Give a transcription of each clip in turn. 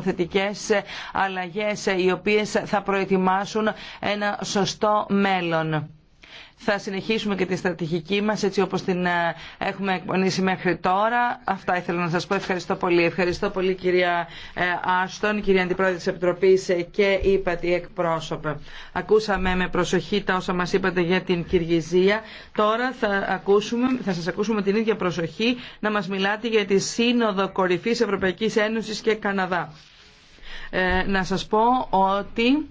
θετικές ε, αλλαγές ε, οι οποίες θα προετοιμάσουν ένα σωστό μέλλον θα συνεχίσουμε και τη στρατηγική μας έτσι όπως την ε, έχουμε εκπονήσει μέχρι τώρα. Αυτά ήθελα να σας πω. Ευχαριστώ πολύ. Ευχαριστώ πολύ κυρία ε, Άστον, κυρία Αντιπρόεδρε της Επιτροπής ε, και είπα τη εκπρόσωπε. Ακούσαμε με προσοχή τα όσα μας είπατε για την Κυργυζία. Τώρα θα, ακούσουμε, θα σας ακούσουμε την ίδια προσοχή να μας μιλάτε για τη Σύνοδο Κορυφής Ευρωπαϊκής Ένωσης και Καναδά. Ε, να σας πω ότι...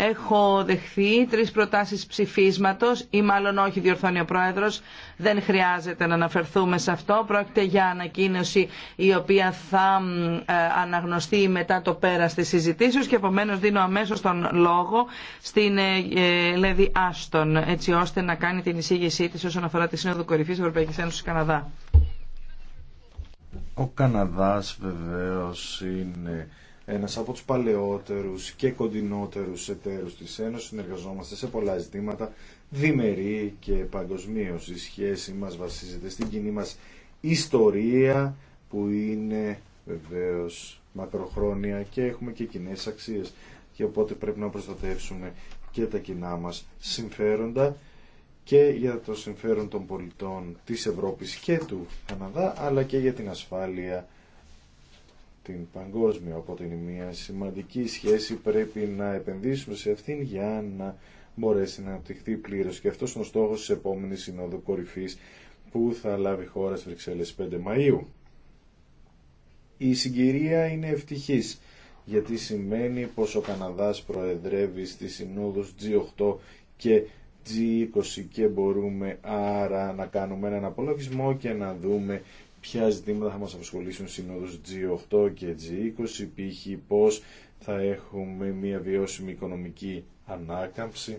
Έχω δεχθεί τρεις προτάσεις ψηφίσματος ή μάλλον όχι διορθώνει ο Πρόεδρος. Δεν χρειάζεται να αναφερθούμε σε αυτό. Πρόκειται για ανακοίνωση η οποία θα ε, αναγνωστεί μετά το πέρας της συζητήσεως και επομένως δίνω αμέσως τον λόγο στην ε, ε, Λέδη Άστον έτσι ώστε να κάνει την εισήγησή της όσον αφορά τη Σύνοδο Κορυφής Ευρωπαϊκής Ένωσης Καναδά. Ο Καναδάς περας της συζητησεως και επομένω δινω αμεσως τον λογο στην λεδη αστον ετσι ωστε να κανει την εισηγηση τη οσον αφορα τη συνοδο Κορυφή Ευρωπαϊκή Ένωση καναδα ο καναδας βεβαιως ειναι ένας από τους παλαιότερους και κοντινότερους εταίρους της Ένωσης. Συνεργαζόμαστε σε πολλά ζητήματα, διμερεί και παγκοσμίω. Η σχέση μας βασίζεται στην κοινή μας ιστορία που είναι βεβαίως μακροχρόνια και έχουμε και κοινέ αξίες και οπότε πρέπει να προστατεύσουμε και τα κοινά μας συμφέροντα και για το συμφέρον των πολιτών της Ευρώπης και του Καναδά αλλά και για την ασφάλεια την παγκόσμια. Οπότε είναι μια σημαντική σχέση. Πρέπει να επενδύσουμε σε αυτήν για να μπορέσει να αναπτυχθεί πλήρω. Και αυτό είναι ο στόχο τη επόμενη Συνόδου Κορυφή που θα λάβει χώρα στι Βρυξέλλε 5 Μαου. Η συγκυρία είναι ευτυχή γιατί σημαίνει πως ο Καναδάς προεδρεύει στη συνόδους G8 και G20 και μπορούμε άρα να κάνουμε έναν απολογισμό και να δούμε ποια ζητήματα θα μας απασχολησουν συνοδος συνόδους G8 και G20, π.χ. πώς θα έχουμε μια βιώσιμη οικονομική ανάκαμψη,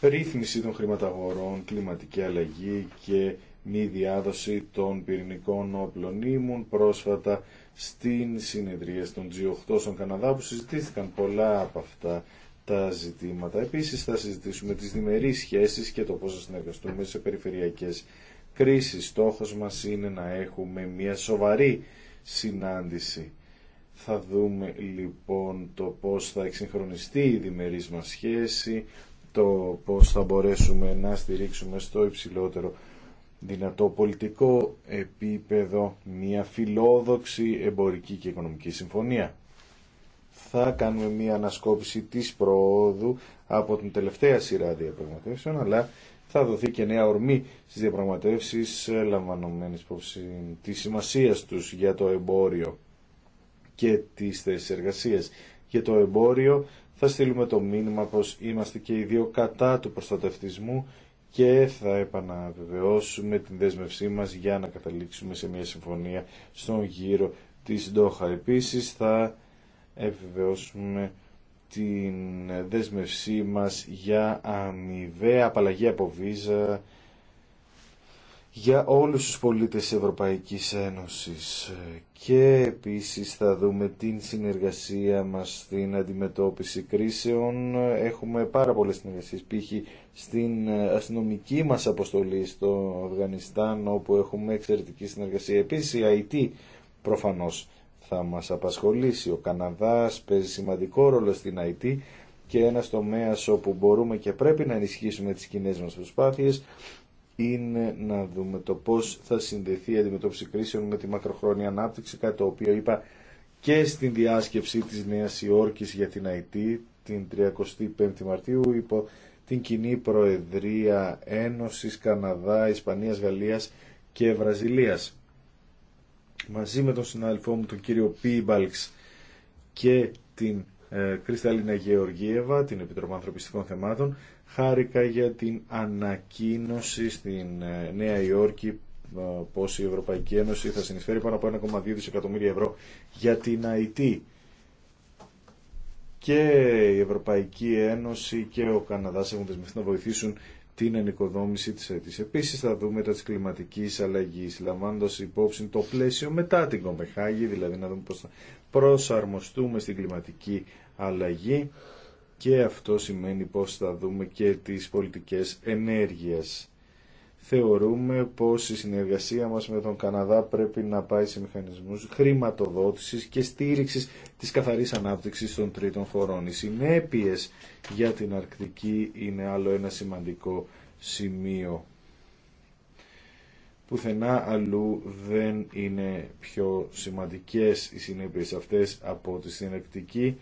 ρύθμιση των χρηματαγορών, κλιματική αλλαγή και μη διάδοση των πυρηνικών όπλων ήμουν πρόσφατα στην συνεδρία των G8 στον Καναδά που συζητήθηκαν πολλά από αυτά τα ζητήματα. Επίσης θα συζητήσουμε τις διμερείς σχέσεις και το πώς θα συνεργαστούμε σε περιφερειακές κρίσης. Στόχος μας είναι να έχουμε μια σοβαρή συνάντηση. Θα δούμε λοιπόν το πώς θα εξυγχρονιστεί η διμερής μας σχέση, το πώς θα μπορέσουμε να στηρίξουμε στο υψηλότερο δυνατό πολιτικό επίπεδο μια φιλόδοξη εμπορική και οικονομική συμφωνία. Θα κάνουμε μια ανασκόπηση της προόδου από την τελευταία σειρά διαπραγματεύσεων, αλλά θα δοθεί και νέα ορμή στις διαπραγματεύσεις ε, λαμβανομένης υπόψη τη σημασία τους για το εμπόριο και τις θέσεις εργασίας. Για το εμπόριο θα στείλουμε το μήνυμα πως είμαστε και οι δύο κατά του προστατευτισμού και θα επαναβεβαιώσουμε την δέσμευσή μας για να καταλήξουμε σε μια συμφωνία στον γύρο της Ντόχα. Επίσης θα επιβεβαιώσουμε την δέσμευσή μας για αμοιβαία απαλλαγή από βίζα για όλους τους πολίτες Ευρωπαϊκής Ένωσης και επίσης θα δούμε την συνεργασία μας στην αντιμετώπιση κρίσεων. Έχουμε πάρα πολλές συνεργασίες, π.χ. στην αστυνομική μας αποστολή στο Αφγανιστάν όπου έχουμε εξαιρετική συνεργασία. Επίσης η IT προφανώς θα μας απασχολήσει. Ο Καναδάς παίζει σημαντικό ρόλο στην ΑΕΤ και ένα τομέα όπου μπορούμε και πρέπει να ενισχύσουμε τις κοινέ μας προσπάθειες είναι να δούμε το πώς θα συνδεθεί η αντιμετώπιση κρίσεων με τη μακροχρόνια ανάπτυξη, κάτι το οποίο είπα και στην διάσκεψη της Νέας Υόρκης για την ΑΕΤ την 35η Μαρτίου υπό την κοινή Προεδρία Ένωσης Καναδά, Ισπανίας, Γαλλίας και Βραζιλίας μαζί με τον συνάδελφό μου τον κύριο Πίμπαλξ και την ε, Κρυσταλίνα την Επιτροπή Ανθρωπιστικών Θεμάτων, χάρηκα για την ανακοίνωση στην ε, Νέα Υόρκη ε, η Ευρωπαϊκή Ένωση θα συνεισφέρει πάνω από 1,2 δισεκατομμύρια ευρώ για την ΑΕΤ. Και η Ευρωπαϊκή Ένωση και ο Καναδάς έχουν δεσμευτεί να βοηθήσουν την ενοικοδόμηση της έτης. Επίσης θα δούμε τα της κλιματικής αλλαγής, λαμβάνοντας υπόψη το πλαίσιο μετά την Κομπεχάγη, δηλαδή να δούμε πώς θα προσαρμοστούμε στην κλιματική αλλαγή και αυτό σημαίνει πώς θα δούμε και τις πολιτικές ενέργειας θεωρούμε πως η συνεργασία μας με τον Καναδά πρέπει να πάει σε μηχανισμούς χρηματοδότησης και στήριξης της καθαρής ανάπτυξης των τρίτων χωρών. Οι συνέπειε για την Αρκτική είναι άλλο ένα σημαντικό σημείο. Πουθενά αλλού δεν είναι πιο σημαντικές οι συνέπειες αυτές από τη συνεκτική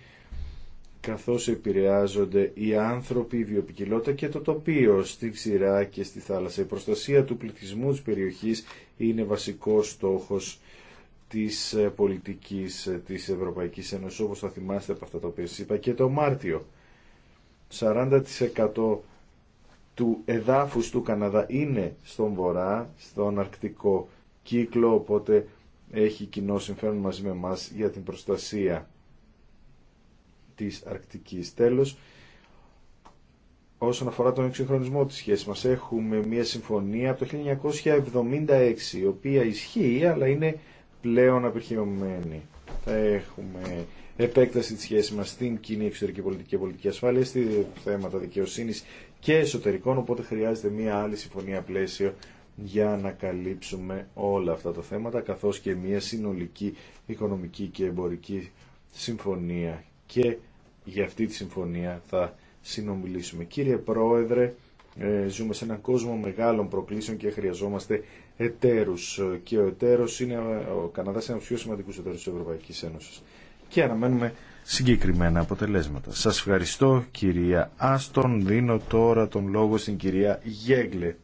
καθώς επηρεάζονται οι άνθρωποι, η βιοπικιλότητα και το τοπίο στη ξηρά και στη θάλασσα. Η προστασία του πληθυσμού της περιοχής είναι βασικός στόχος της ε, πολιτικής ε, της Ευρωπαϊκής Ένωσης, όπως θα θυμάστε από αυτά τα οποία σας είπα και το Μάρτιο. 40% του εδάφους του Καναδά είναι στον Βορρά, στον Αρκτικό κύκλο, οπότε έχει κοινό συμφέρον μαζί με εμά για την προστασία της Αρκτικής. Τέλος, όσον αφορά τον εξυγχρονισμό της σχέσης μας, έχουμε μια συμφωνία από το 1976, η οποία ισχύει, αλλά είναι πλέον απερχαιωμένη. Θα έχουμε επέκταση της σχέσης μας στην κοινή εξωτερική πολιτική και πολιτική ασφάλεια, στη θέματα δικαιοσύνης και εσωτερικών, οπότε χρειάζεται μια άλλη συμφωνία πλαίσιο για να καλύψουμε όλα αυτά τα θέματα, καθώς και μια συνολική οικονομική και εμπορική συμφωνία και για αυτή τη συμφωνία θα συνομιλήσουμε. Κύριε Πρόεδρε, ε, ζούμε σε έναν κόσμο μεγάλων προκλήσεων και χρειαζόμαστε εταίρους και ο εταίρος είναι ο Καναδάς ένας πιο σημαντικούς εταίρους της Ευρωπαϊκής Ένωσης και αναμένουμε συγκεκριμένα αποτελέσματα. Σας ευχαριστώ κυρία Άστον, δίνω τώρα τον λόγο στην κυρία Γέγλε.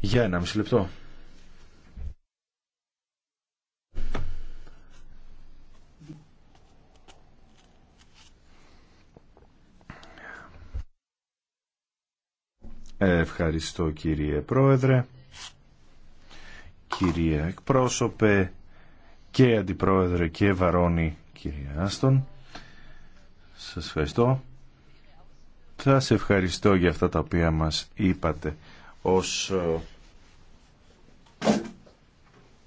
Για ένα μισή λεπτό. Ευχαριστώ κύριε Πρόεδρε, κυρία Εκπρόσωπε και Αντιπρόεδρε και Βαρόνι κυρία Άστον. Σας ευχαριστώ. Θα σε ευχαριστώ για αυτά τα οποία μας είπατε ως ε,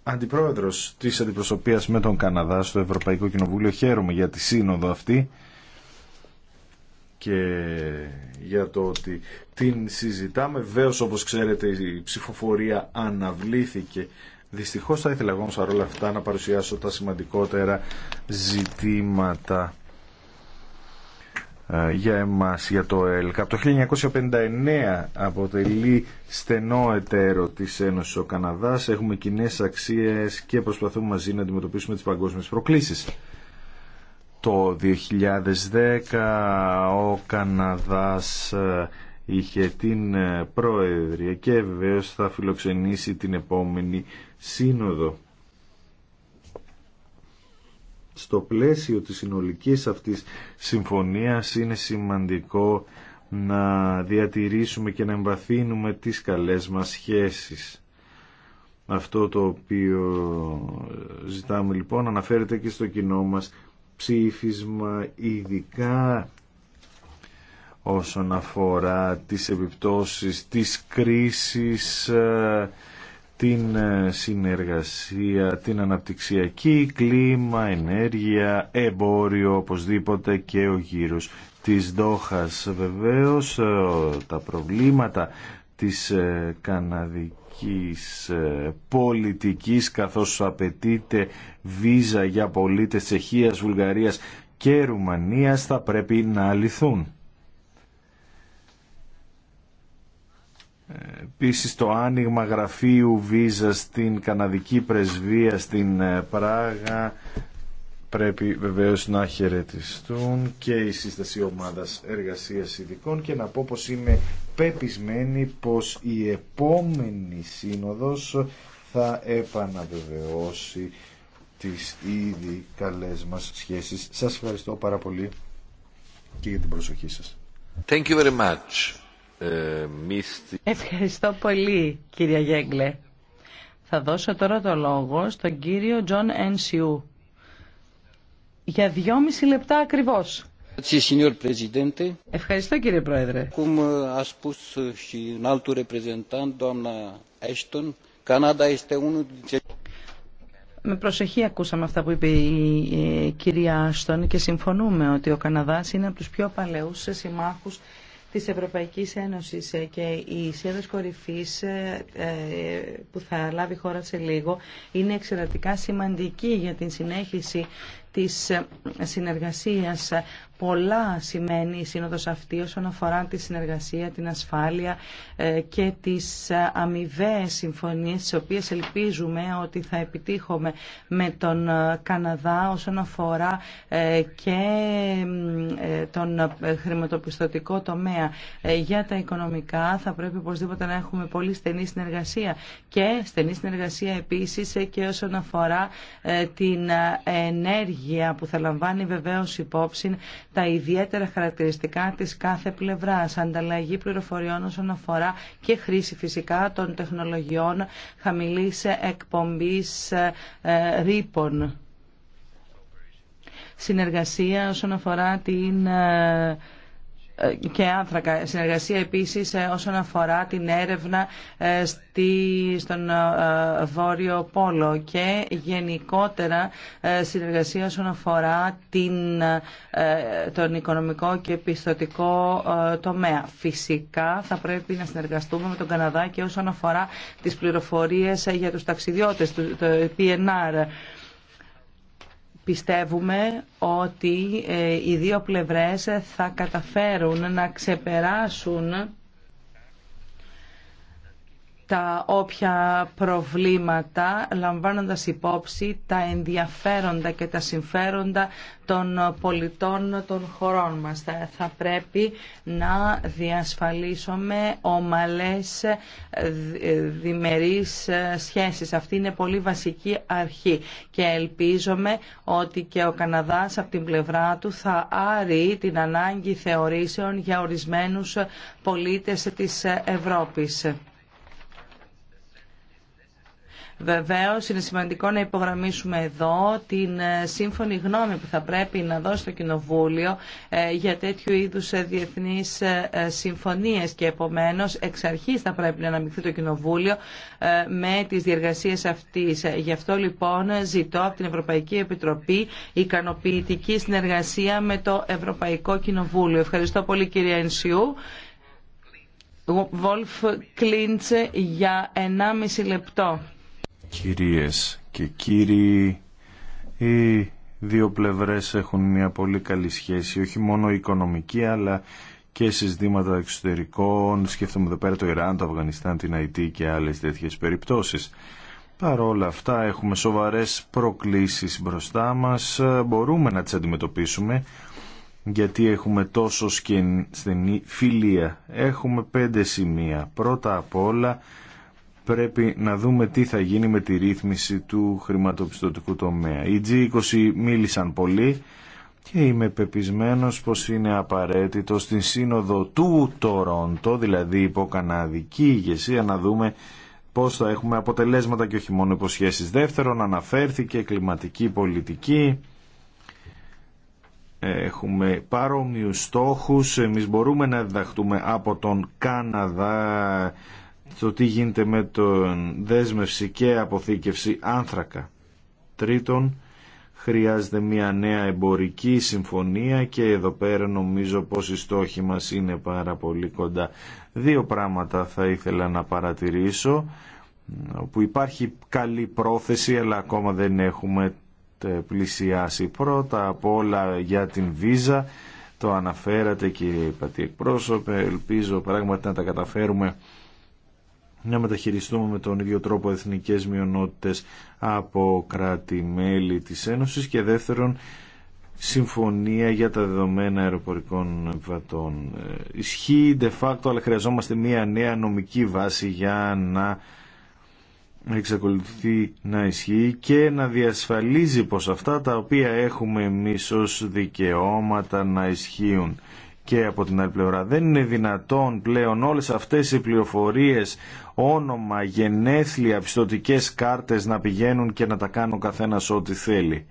αντιπρόεδρος της αντιπροσωπείας με τον Καναδά στο Ευρωπαϊκό Κοινοβούλιο. Χαίρομαι για τη σύνοδο αυτή και για το ότι την συζητάμε. Βεβαίω, όπως ξέρετε, η ψηφοφορία αναβλήθηκε. Δυστυχώς θα ήθελα εγώ όλα αυτά να παρουσιάσω τα σημαντικότερα ζητήματα ε, για εμάς, για το ΕΛΚΑ. Από το 1959 αποτελεί στενό εταίρο της Ένωσης ο Καναδάς. Έχουμε κοινέ αξίες και προσπαθούμε μαζί να αντιμετωπίσουμε τις παγκόσμιες προκλήσεις. Το 2010 ο Καναδάς ε, είχε την ε, Προεδρία και βεβαίω θα φιλοξενήσει την επόμενη σύνοδο. Στο πλαίσιο της συνολικής αυτής συμφωνίας είναι σημαντικό να διατηρήσουμε και να εμβαθύνουμε τις καλές μας σχέσεις. Αυτό το οποίο ε, ζητάμε λοιπόν αναφέρεται και στο κοινό μας ψήφισμα ειδικά όσον αφορά τις επιπτώσεις της κρίσης, ε, την ε, συνεργασία, την αναπτυξιακή, κλίμα, ενέργεια, εμπόριο, οπωσδήποτε και ο γύρος της Δόχας. Βεβαίως ε, τα προβλήματα της καναδικής ευρωπαϊκής ε, πολιτικής καθώς απαιτείται βίζα για πολίτες Τσεχίας, Βουλγαρίας και Ρουμανίας θα πρέπει να αληθούν. Επίσης το άνοιγμα γραφείου βίζα στην Καναδική Πρεσβεία στην ε, Πράγα πρέπει βεβαίως να χαιρετιστούν και η σύσταση ομάδας εργασίας ειδικών και να πω πως είμαι πεπισμένη πως η επόμενη σύνοδος θα επαναβεβαιώσει τις ήδη καλές μας σχέσεις. Σας ευχαριστώ πάρα πολύ και για την προσοχή σας. Thank you very much. Ε, ευχαριστώ πολύ κύριε Γέγκλε. Θα δώσω τώρα το λόγο στον κύριο Τζον Ενσιού. Για δυόμιση λεπτά ακριβώς. Ευχαριστώ κύριε Πρόεδρε. Με προσοχή ακούσαμε αυτά που είπε η κυρία Άστον και συμφωνούμε ότι ο Καναδάς είναι από τους πιο παλαιούς συμμάχους της Ευρωπαϊκής Ένωσης ε, και η σύνδεση κορυφής ε, ε, που θα λάβει χώρα σε λίγο είναι εξαιρετικά σημαντική για την συνέχιση της συνεργασίας πολλά σημαίνει η σύνοδος αυτή όσον αφορά τη συνεργασία, την ασφάλεια ε, και τις ε, αμοιβαίε συμφωνίες τις οποίες ελπίζουμε ότι θα επιτύχουμε με τον ε, Καναδά όσον αφορά και τον χρηματοπιστωτικό τομέα για τα οικονομικά θα πρέπει οπωσδήποτε να έχουμε πολύ στενή συνεργασία και στενή συνεργασία επίσης και όσον αφορά την ενέργεια που θα λαμβάνει βεβαίως υπόψη τα ιδιαίτερα χαρακτηριστικά της κάθε πλευράς, ανταλλαγή πληροφοριών όσον αφορά και χρήση φυσικά των τεχνολογιών χαμηλής εκπομπής ε, ρήπων. Συνεργασία όσον αφορά την ε, και άνθρακα. Συνεργασία επίσης ε, όσον αφορά την έρευνα ε, στη, στον ε, Βόρειο Πόλο και γενικότερα συνεργασία όσον αφορά την, τον οικονομικό και πιστοτικό τομέα. Φυσικά θα πρέπει να συνεργαστούμε με τον Καναδά και όσον αφορά τις πληροφορίες για τους ταξιδιώτες, το PNR. Πιστεύουμε ότι ε, οι δύο πλευρές θα καταφέρουν να ξεπεράσουν τα όποια προβλήματα λαμβάνοντας υπόψη τα ενδιαφέροντα και τα συμφέροντα των πολιτών των χωρών μας. Θα πρέπει να διασφαλίσουμε ομαλές ε, διμερείς ε, σχέσεις. Αυτή είναι πολύ βασική αρχή και ελπίζομαι ότι και ο Καναδάς από την πλευρά του θα άρει την ανάγκη θεωρήσεων για ορισμένους πολίτες της Ευρώπης. Βεβαίω, είναι σημαντικό να υπογραμμίσουμε εδώ την ε, σύμφωνη γνώμη που θα πρέπει να δώσει το Κοινοβούλιο ε, για τέτοιου είδου ε, διεθνεί συμφωνίε. και επομένως εξ αρχή θα πρέπει να αναμειχθεί το Κοινοβούλιο με τις διεργασίες αυτής. Γι' αυτό λοιπόν ζητώ από την Ευρωπαϊκή Επιτροπή ικανοποιητική συνεργασία με το Ευρωπαϊκό Κοινοβούλιο. Ευχαριστώ πολύ κυρία Ενσιού. Βολφ Κλίντσε για 1,5 λεπτό. Κυρίες και κύριοι, οι δύο πλευρές έχουν μια πολύ καλή σχέση, όχι μόνο οικονομική αλλά και συζητήματα εξωτερικών. Σκέφτομαι εδώ πέρα το Ιράν, το Αφγανιστάν, την Αϊτή και άλλες τέτοιες περιπτώσεις. Παρ' αυτά έχουμε σοβαρές προκλήσεις μπροστά μας, μπορούμε να τις αντιμετωπίσουμε γιατί έχουμε τόσο στενή φιλία. Έχουμε πέντε σημεία. Πρώτα απ' όλα πρέπει να δούμε τι θα γίνει με τη ρύθμιση του χρηματοπιστωτικού τομέα. Οι G20 μίλησαν πολύ και είμαι πεπισμένος πως είναι απαραίτητο στην σύνοδο του Τορόντο, δηλαδή υπό καναδική ηγεσία, να δούμε πώς θα έχουμε αποτελέσματα και όχι μόνο υποσχέσεις. Δεύτερον, αναφέρθηκε κλιματική πολιτική. Έχουμε παρόμοιους στόχους. Εμείς μπορούμε να διδαχτούμε από τον Κάναδα το τι γίνεται με τον δέσμευση και αποθήκευση άνθρακα. Τρίτον, χρειάζεται μια νέα εμπορική συμφωνία και εδώ πέρα νομίζω πως οι στόχοι μας είναι πάρα πολύ κοντά. Δύο πράγματα θα ήθελα να παρατηρήσω, που υπάρχει καλή πρόθεση αλλά ακόμα δεν έχουμε πλησιάσει. Πρώτα απ' όλα για την βίζα, το αναφέρατε κύριε Πατή εκπρόσωπε, ελπίζω πράγματι να τα καταφέρουμε να μεταχειριστούμε με τον ίδιο τρόπο εθνικές μειονότητες από κράτη-μέλη της Ένωσης και δεύτερον συμφωνία για τα δεδομένα αεροπορικών επιβατών. Ε, ισχύει de facto αλλά χρειαζόμαστε μια νέα νομική βάση για να εξακολουθεί να ισχύει και να διασφαλίζει πως αυτά τα οποία έχουμε εμείς ως δικαιώματα να ισχύουν και από την άλλη πλευρά. Δεν είναι δυνατόν πλέον όλες αυτές οι πληροφορίες όνομα, γενέθλια, πιστοτικές κάρτες να πηγαίνουν και να τα κάνουν καθένας ό,τι θέλει.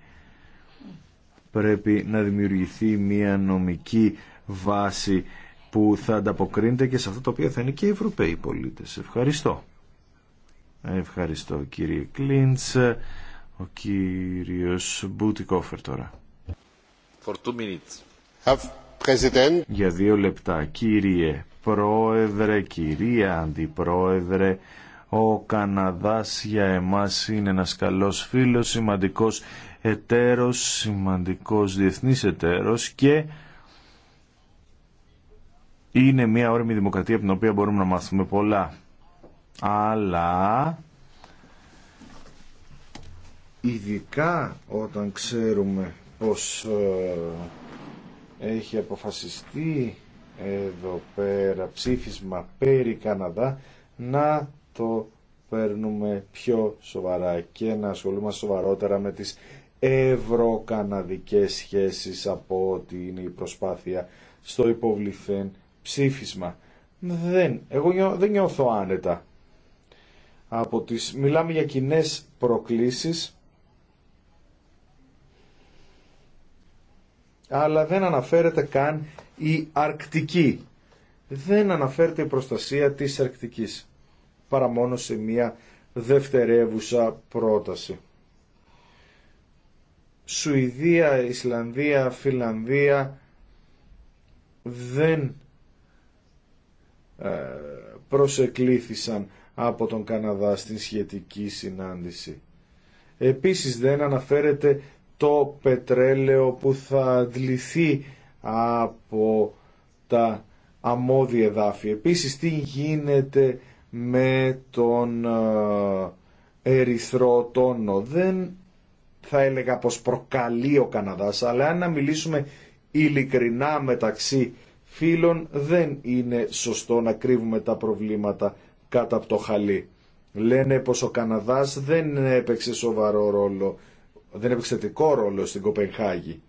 Πρέπει να δημιουργηθεί μια νομική βάση που θα ανταποκρίνεται και σε αυτό το οποίο θα είναι και οι Ευρωπαίοι πολίτες. Ευχαριστώ. Ευχαριστώ κύριε Κλίντς. Ο κύριος Μπουτικόφερ τώρα. Για δύο λεπτά. Κύριε Πρόεδρε, κυρία Αντιπρόεδρε, ο Καναδάς για εμάς είναι ένας καλός φίλος, σημαντικός εταίρος, σημαντικός διεθνής εταίρος και είναι μια όρημη δημοκρατία από την οποία μπορούμε να μάθουμε πολλά. Αλλά ειδικά όταν ξέρουμε πως ε, έχει αποφασιστεί εδώ πέρα ψήφισμα περί Καναδά να το παίρνουμε πιο σοβαρά και να ασχολούμαστε σοβαρότερα με τις ευρωκαναδικές σχέσεις από ό,τι είναι η προσπάθεια στο υποβληθέν ψήφισμα. Δεν, εγώ δεν νιώθω άνετα. Από τις, μιλάμε για κοινέ προκλήσεις, αλλά δεν αναφέρεται καν η Αρκτική. Δεν αναφέρεται η προστασία της Αρκτικής, παρά μόνο σε μια δευτερεύουσα πρόταση. Σουηδία, Ισλανδία, Φιλανδία δεν ε, προσεκλήθησαν από τον Καναδά στην σχετική συνάντηση. Επίσης δεν αναφέρεται το πετρέλαιο που θα αντληθεί από τα αμμώδη εδάφη. Επίσης τι γίνεται με τον ε, ερυθρό τόνο. Δεν θα έλεγα πως προκαλεί ο Καναδάς, αλλά αν να μιλήσουμε ειλικρινά μεταξύ φίλων δεν είναι σωστό να κρύβουμε τα προβλήματα κάτω από το χαλί. Λένε πως ο Καναδάς δεν έπαιξε σοβαρό ρόλο, δεν έπαιξε θετικό ρόλο στην Κοπενχάγη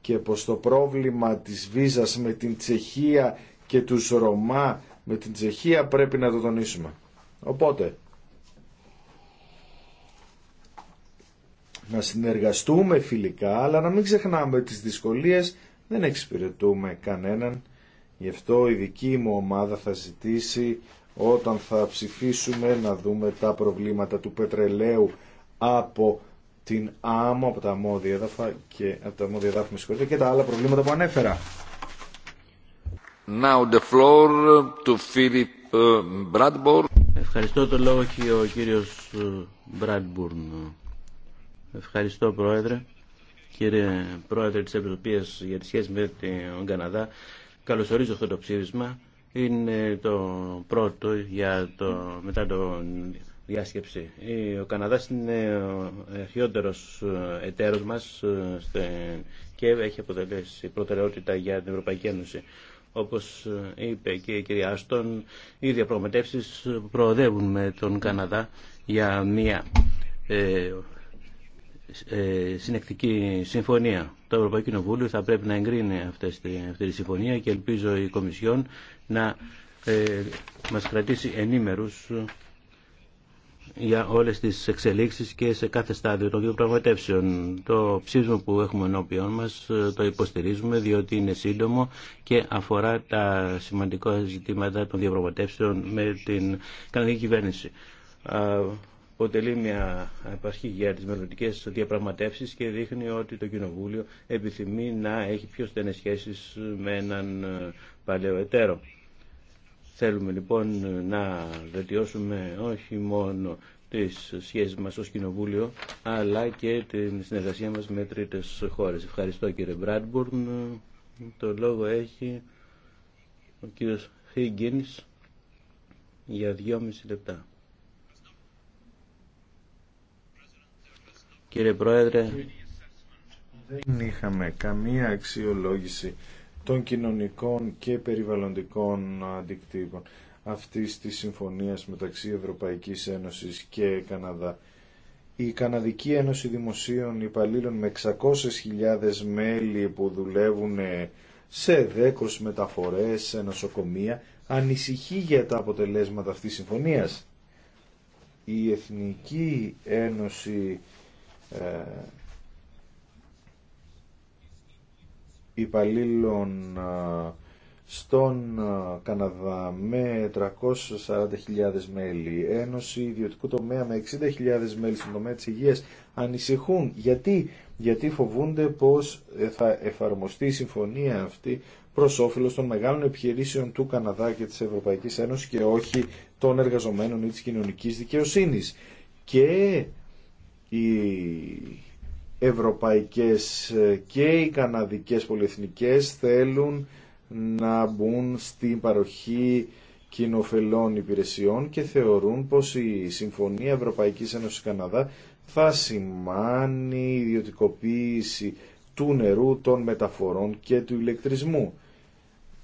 και πως το πρόβλημα της βίζας με την Τσεχία και τους Ρωμά με την Τσεχία πρέπει να το τονίσουμε. Οπότε, να συνεργαστούμε φιλικά, αλλά να μην ξεχνάμε τις δυσκολίες, δεν εξυπηρετούμε κανέναν. Γι' αυτό η δική μου ομάδα θα ζητήσει όταν θα ψηφίσουμε να δούμε τα προβλήματα του πετρελαίου από την άμμο από τα αμμόδια έδαφα και από τα αμμόδια έδαφα με και τα άλλα προβλήματα που ανέφερα. Now the floor to Philip ε, Bradburn. Ευχαριστώ το λόγο και ο κύριος Μπράντμπουρν. Ε, Ευχαριστώ Πρόεδρε. Κύριε Πρόεδρε της Επιτροπής για τη σχέση με τον Καναδά, καλωσορίζω αυτό το ψήφισμα. Είναι το πρώτο για το, μετά τον διάσκεψη. Ο Καναδάς είναι ο αρχαιότερος ε, εταίρος μας ε, και έχει αποτελέσει προτεραιότητα για την Ευρωπαϊκή Ένωση. Όπως ε, είπε και η κυρία Άστον, οι διαπραγματεύσει προοδεύουν με τον Καναδά για μια συνεκτική συμφωνία. Το Ευρωπαϊκό Κοινοβούλιο θα πρέπει να εγκρίνει αυτές, αυτή τη συμφωνία και ελπίζω η Κομισιόν να μας κρατήσει ενήμερους για όλες τις εξελίξεις και σε κάθε στάδιο των διαπραγματεύσεων. Το ψήφισμα που έχουμε ενώπιόν μας ε, το υποστηρίζουμε διότι είναι σύντομο και αφορά τα σημαντικά ζητήματα των διαπραγματεύσεων με την κανονική κυβέρνηση. Αποτελεί μια επαρχή για τι μελλοντικέ διαπραγματεύσει και δείχνει ότι το Κοινοβούλιο επιθυμεί να έχει πιο στενές σχέσει με έναν ε, παλαιό εταίρο. Θέλουμε λοιπόν να βελτιώσουμε όχι μόνο τις σχέσεις μας ως Κοινοβούλιο, αλλά και την συνεργασία μας με τρίτες χώρες. Ευχαριστώ κύριε Μπραντμπορν. Το λόγο έχει ο κύριος Higgins για δυόμιση λεπτά. Κύριε Πρόεδρε, δεν είχαμε καμία αξιολόγηση των κοινωνικών και περιβαλλοντικών αντικτύπων αυτής της συμφωνίας μεταξύ Ευρωπαϊκής Ένωσης και Καναδά. Η Καναδική Ένωση Δημοσίων Υπαλλήλων με 600.000 μέλη που δουλεύουν σε δέκος μεταφορές, σε νοσοκομεία, ανησυχεί για τα αποτελέσματα αυτής της συμφωνίας. Η Εθνική Ένωση ε, υπαλλήλων στον Καναδά με 340.000 μέλη, Ένωση Ιδιωτικού Τομέα με 60.000 μέλη στον τομέα της υγείας ανησυχούν. Γιατί, Γιατί φοβούνται πως ε, θα εφαρμοστεί η συμφωνία αυτή προς όφελος των μεγάλων επιχειρήσεων του Καναδά και της Ευρωπαϊκής Ένωσης και όχι των εργαζομένων ή της κοινωνικής δικαιοσύνης. Και η ευρωπαϊκές ε, και οι καναδικές πολυεθνικές θέλουν να μπουν στην παροχή κοινοφελών υπηρεσιών και θεωρούν πως η Συμφωνία Ευρωπαϊκής Ένωσης Καναδά θα σημάνει ιδιωτικοποίηση του νερού, των μεταφορών και του ηλεκτρισμού.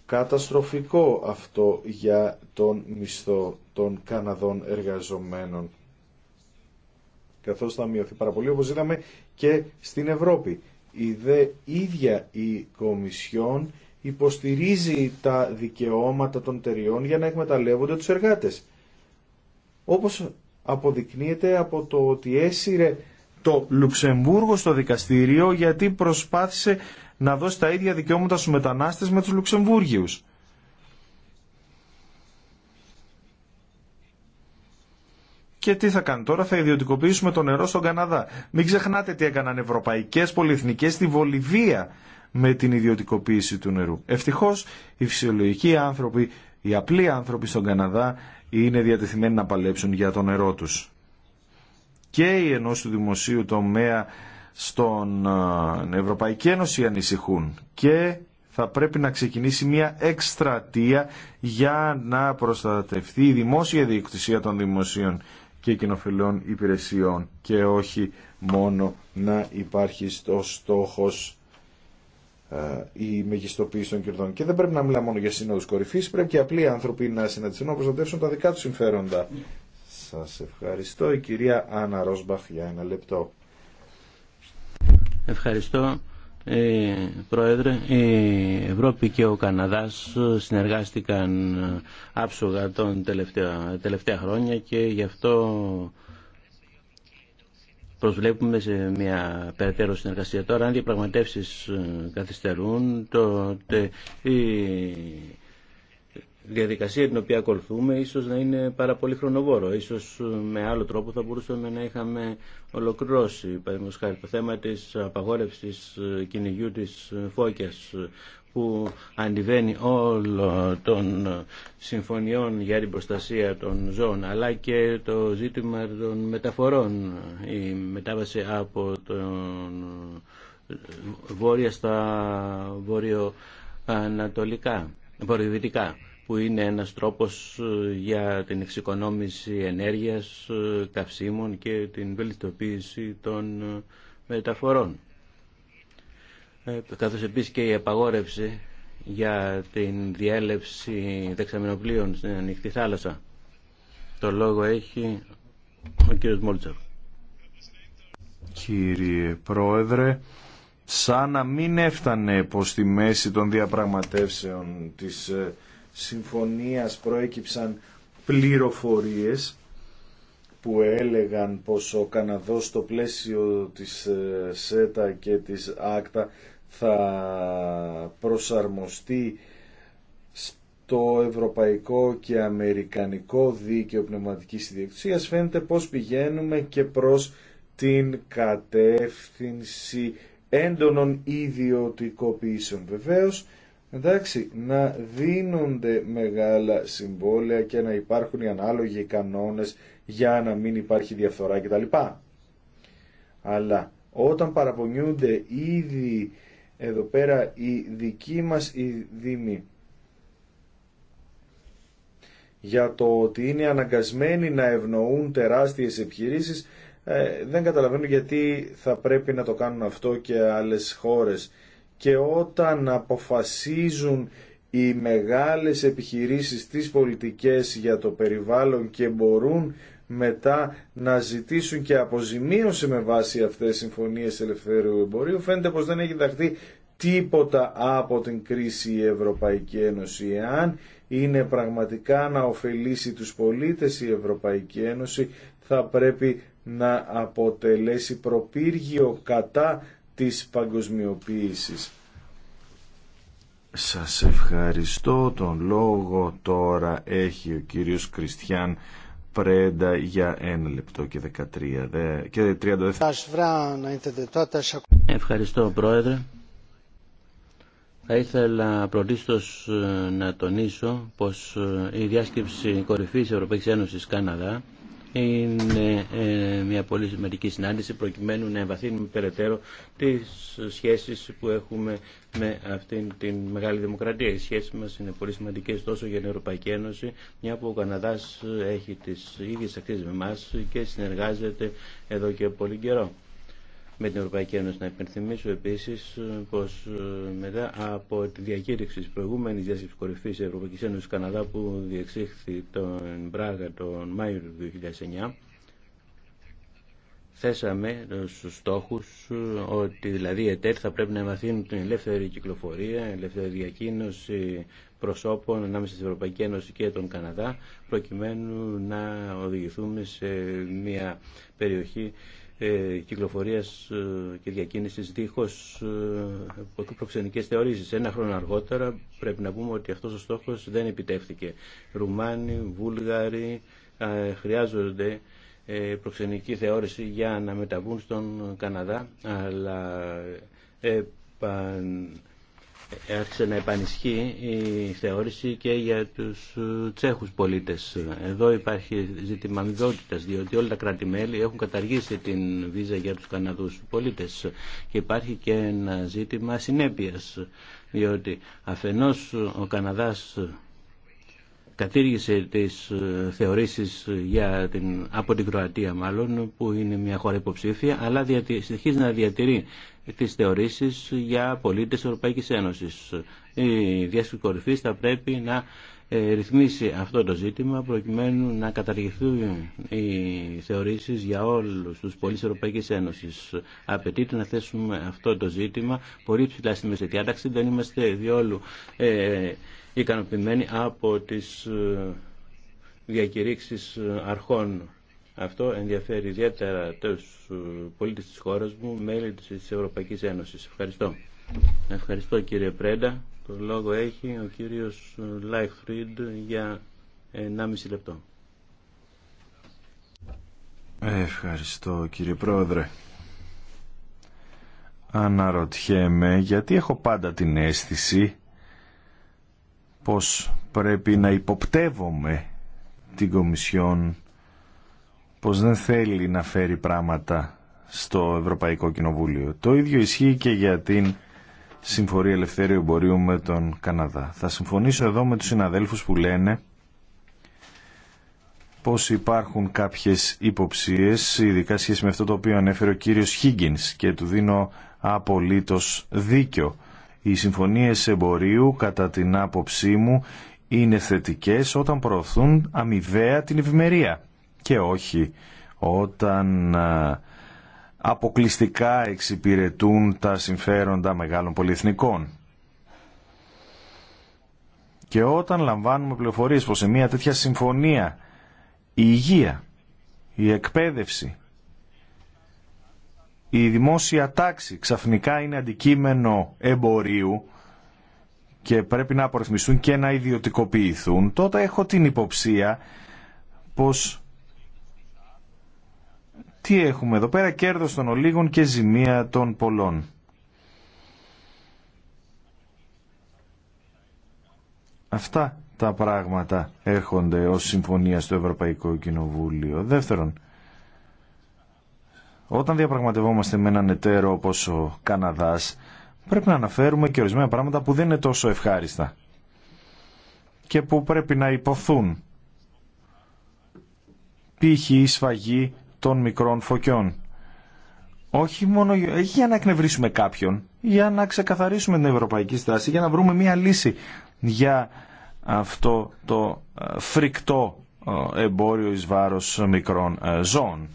Καταστροφικό αυτό για τον μισθό των Καναδών εργαζομένων καθώς θα μειωθεί πάρα πολύ όπως είδαμε και στην Ευρώπη. Η δε ίδια η Κομισιόν υποστηρίζει τα δικαιώματα των εταιριών για να εκμεταλλεύονται τους εργάτες. Όπως αποδεικνύεται από το ότι έσυρε το Λουξεμβούργο στο δικαστήριο γιατί προσπάθησε να δώσει τα ίδια δικαιώματα στους μετανάστες με τους Λουξεμβούργιους. Και τι θα κάνουν τώρα, θα ιδιωτικοποιήσουμε το νερό στον Καναδά. Μην ξεχνάτε τι έκαναν ευρωπαϊκέ πολυεθνικέ στη Βολιβία με την ιδιωτικοποίηση του νερού. Ευτυχώ, οι φυσιολογικοί άνθρωποι, οι απλοί άνθρωποι στον Καναδά είναι διατεθειμένοι να παλέψουν για το νερό του. Και οι ενό του δημοσίου τομέα στον Ευρωπαϊκή Ένωση ανησυχούν και θα πρέπει να ξεκινήσει μια εκστρατεία για να προστατευτεί η δημόσια διοικησία των δημοσίων και κοινοφιλών υπηρεσιών και όχι μόνο να υπάρχει στο στόχος ε, η μεγιστοποίηση των κερδών. Και δεν πρέπει να μιλάμε μόνο για συνόδους κορυφής, πρέπει και απλοί άνθρωποι να συναντηθούν να προστατεύσουν τα δικά τους συμφέροντα. Σας ευχαριστώ. Η κυρία Άννα Ρόσμπαχ για ένα λεπτό. Ευχαριστώ. Ε, Πρόεδρε, η Ευρώπη και ο Καναδάς συνεργάστηκαν άψογα τον τελευταία, χρόνια και γι' αυτό προσβλέπουμε σε μια περαιτέρω συνεργασία. Τώρα, αν διαπραγματεύσεις ε, καθυστερούν, τότε διαδικασία την οποία ακολουθούμε ίσως να είναι πάρα πολύ χρονοβόρο. Ίσως ε, με άλλο τρόπο θα μπορούσαμε να είχαμε ολοκληρώσει παραδείγματος χάρη το θέμα της απαγόρευσης ε, κυνηγιού της ε, φώκιας που αντιβαίνει όλων των συμφωνιών για την προστασία των ζώων αλλά και το ζήτημα των μεταφορών, η μετάβαση από τον βόρεια στα βορειοανατολικά ανατολικα βορειοδυτικά που είναι ένας τρόπος ε, για την εξοικονόμηση ενέργειας, ε, καυσίμων και την βελτιστοποίηση των ε, μεταφορών. Καθώς επίσης και η απαγόρευση για την διέλευση δεξαμενοπλοίων στην ανοιχτή θάλασσα. Το λόγο έχει ο κύριος Μόλτσαρ. Κύριε Πρόεδρε, σαν να μην έφτανε πως στη μέση των διαπραγματεύσεων της συμφωνίας προέκυψαν πληροφορίες που έλεγαν πως ο Καναδός στο πλαίσιο της ε, ΣΕΤΑ και της ΑΚΤΑ θα προσαρμοστεί στο ευρωπαϊκό και αμερικανικό δίκαιο πνευματικής ιδιοκτησίας φαίνεται πως πηγαίνουμε και προς την κατεύθυνση έντονων ιδιωτικοποιήσεων. Βεβαίως Εντάξει, να δίνονται μεγάλα συμβόλαια και να υπάρχουν οι ανάλογοι κανόνες για να μην υπάρχει διαφθορά κτλ. Αλλά όταν παραπονιούνται ήδη εδώ πέρα οι δικοί μας οι δήμοι για το ότι είναι αναγκασμένοι να ευνοούν τεράστιες επιχειρήσεις, ε, δεν καταλαβαίνω γιατί θα πρέπει να το κάνουν αυτό και άλλες χώρες και όταν αποφασίζουν οι μεγάλες επιχειρήσεις τις πολιτικές για το περιβάλλον και μπορούν μετά να ζητήσουν και αποζημίωση με βάση αυτές τις συμφωνίες ελευθέρου εμπορίου φαίνεται πως δεν έχει δαχθεί τίποτα από την κρίση η Ευρωπαϊκή Ένωση. Εάν είναι πραγματικά να ωφελήσει τους πολίτες η Ευρωπαϊκή Ένωση θα πρέπει να αποτελέσει προπύργιο κατά της παγκοσμιοποίησης. Σας ευχαριστώ. Τον λόγο τώρα έχει ο κύριος Κριστιαν Πρέντα για ένα λεπτό και δεκατρία. δε, και δεύτερα. Ευχαριστώ Πρόεδρε. Θα ήθελα πρωτίστως ε, να τονίσω πως ε, η διάσκεψη κορυφής Ευρωπαϊκής Ένωσης Καναδά είναι ε, μια πολύ σημαντική συνάντηση προκειμένου να εμβαθύνουμε περαιτέρω τις σχέσεις που έχουμε με αυτήν την μεγάλη δημοκρατία. Οι σχέσεις μας είναι πολύ σημαντικές τόσο για την Ευρωπαϊκή Ένωση, μια που ο Καναδάς έχει τις ίδιες αξίες με εμάς και συνεργάζεται εδώ και πολύ καιρό με την Ευρωπαϊκή Ένωση. Να υπενθυμίσω επίσης ε, πως ε, μετά από τη διακήρυξη τη προηγουμενη διάσκεψη διαθέτει της Ευρωπαϊκής Ένωσης Καναδά που διεξήχθη τον Μπράγα τον Μάιο του 2009 θέσαμε στου στόχους ε, ότι δηλαδή οι εταίροι θα πρέπει να μαθαίνουν την ελεύθερη κυκλοφορία, ελεύθερη διακίνηση προσώπων ανάμεσα στην Ευρωπαϊκή Ένωση και τον Καναδά προκειμένου να οδηγηθούμε σε μια περιοχή ε, κυκλοφορίας ε, και διακίνησης δίχως ε, προξενικές θεωρήσεις. Ένα χρόνο αργότερα πρέπει να πούμε ότι αυτός ο στόχος δεν επιτεύχθηκε. Ρουμάνοι, Βούλγαροι χρειάζονται προξενική θεώρηση για να μεταβούν στον Καναδά αλλά επαν άρχισε να επανισχύει η θεώρηση και για τους ε, Τσέχους πολίτες. Εδώ υπάρχει ζήτημα αμοιβαιότητας, διότι όλα τα κράτη-μέλη έχουν καταργήσει την βίζα για τους Καναδούς πολίτες και υπάρχει και ένα ζήτημα συνέπειας, διότι αφενός ο Καναδάς κατήργησε τις ε, θεωρήσεις για την, από την Κροατία μάλλον που είναι μια χώρα υποψήφια αλλά συνεχίζει να διατηρεί τις θεωρήσεις για πολίτες της Ευρωπαϊκής Ένωσης. Η διάσκεψη κορυφής θα πρέπει να ε, ρυθμίσει αυτό το ζήτημα προκειμένου να καταργηθούν οι θεωρήσεις για όλους τους πολίτες της Ευρωπαϊκής Ένωσης. Απαιτείται να θέσουμε αυτό το ζήτημα πολύ ψηλά στη μεσαιτιάταξη. Δεν είμαστε διόλου... Ε, ικανοποιημένοι από τις ε, διακηρύξεις ε, αρχών. Αυτό ενδιαφέρει ιδιαίτερα τους ε, πολίτες της χώρας μου, μέλη της Ευρωπαϊκής Ένωσης. Ευχαριστώ. Ευχαριστώ κύριε Πρέντα. Το λόγο έχει ο κύριος Λάιχφριντ για 1,5 λεπτό. Ευχαριστώ κύριε Πρόεδρε. Αναρωτιέμαι γιατί έχω πάντα την αίσθηση πως πρέπει να υποπτεύομαι την Κομισιόν πως δεν θέλει να φέρει πράγματα στο Ευρωπαϊκό Κοινοβούλιο. Το ίδιο ισχύει και για την Συμφορία Ελευθερίου Εμπορίου με τον Καναδά. Θα συμφωνήσω εδώ με τους συναδέλφους που λένε πως υπάρχουν κάποιες υποψίες, ειδικά σχέση με αυτό το οποίο ανέφερε ο κύριος Χίγκινς και του δίνω απολύτως δίκιο. Οι συμφωνίες εμπορίου, κατά την άποψή μου, είναι θετικές όταν προωθούν αμοιβαία την ευημερία και όχι όταν ε, αποκλειστικά εξυπηρετούν τα συμφέροντα μεγάλων πολυεθνικών. Και όταν λαμβάνουμε πληροφορίες πως σε μια τέτοια συμφωνία η υγεία, η εκπαίδευση, η δημόσια τάξη ξαφνικά είναι αντικείμενο εμπορίου και πρέπει να απορριθμιστούν και να ιδιωτικοποιηθούν, τότε έχω την υποψία πως τι έχουμε εδώ πέρα, κέρδος των ολίγων και ζημία των πολλών. Αυτά τα πράγματα έρχονται ως συμφωνία στο Ευρωπαϊκό Κοινοβούλιο. Δεύτερον, όταν διαπραγματευόμαστε με έναν εταίρο όπως ο Καναδάς, πρέπει να αναφέρουμε και ορισμένα πράγματα που δεν είναι τόσο ευχάριστα και που πρέπει να υποθούν. Π.χ. η σφαγή των μικρών φωκιών. Όχι μόνο για να εκνευρίσουμε κάποιον, για να ξεκαθαρίσουμε την ευρωπαϊκή στάση, για να βρούμε μία λύση για αυτό το ε, φρικτό ε, εμπόριο εις βάρος μικρών ε, ζώων.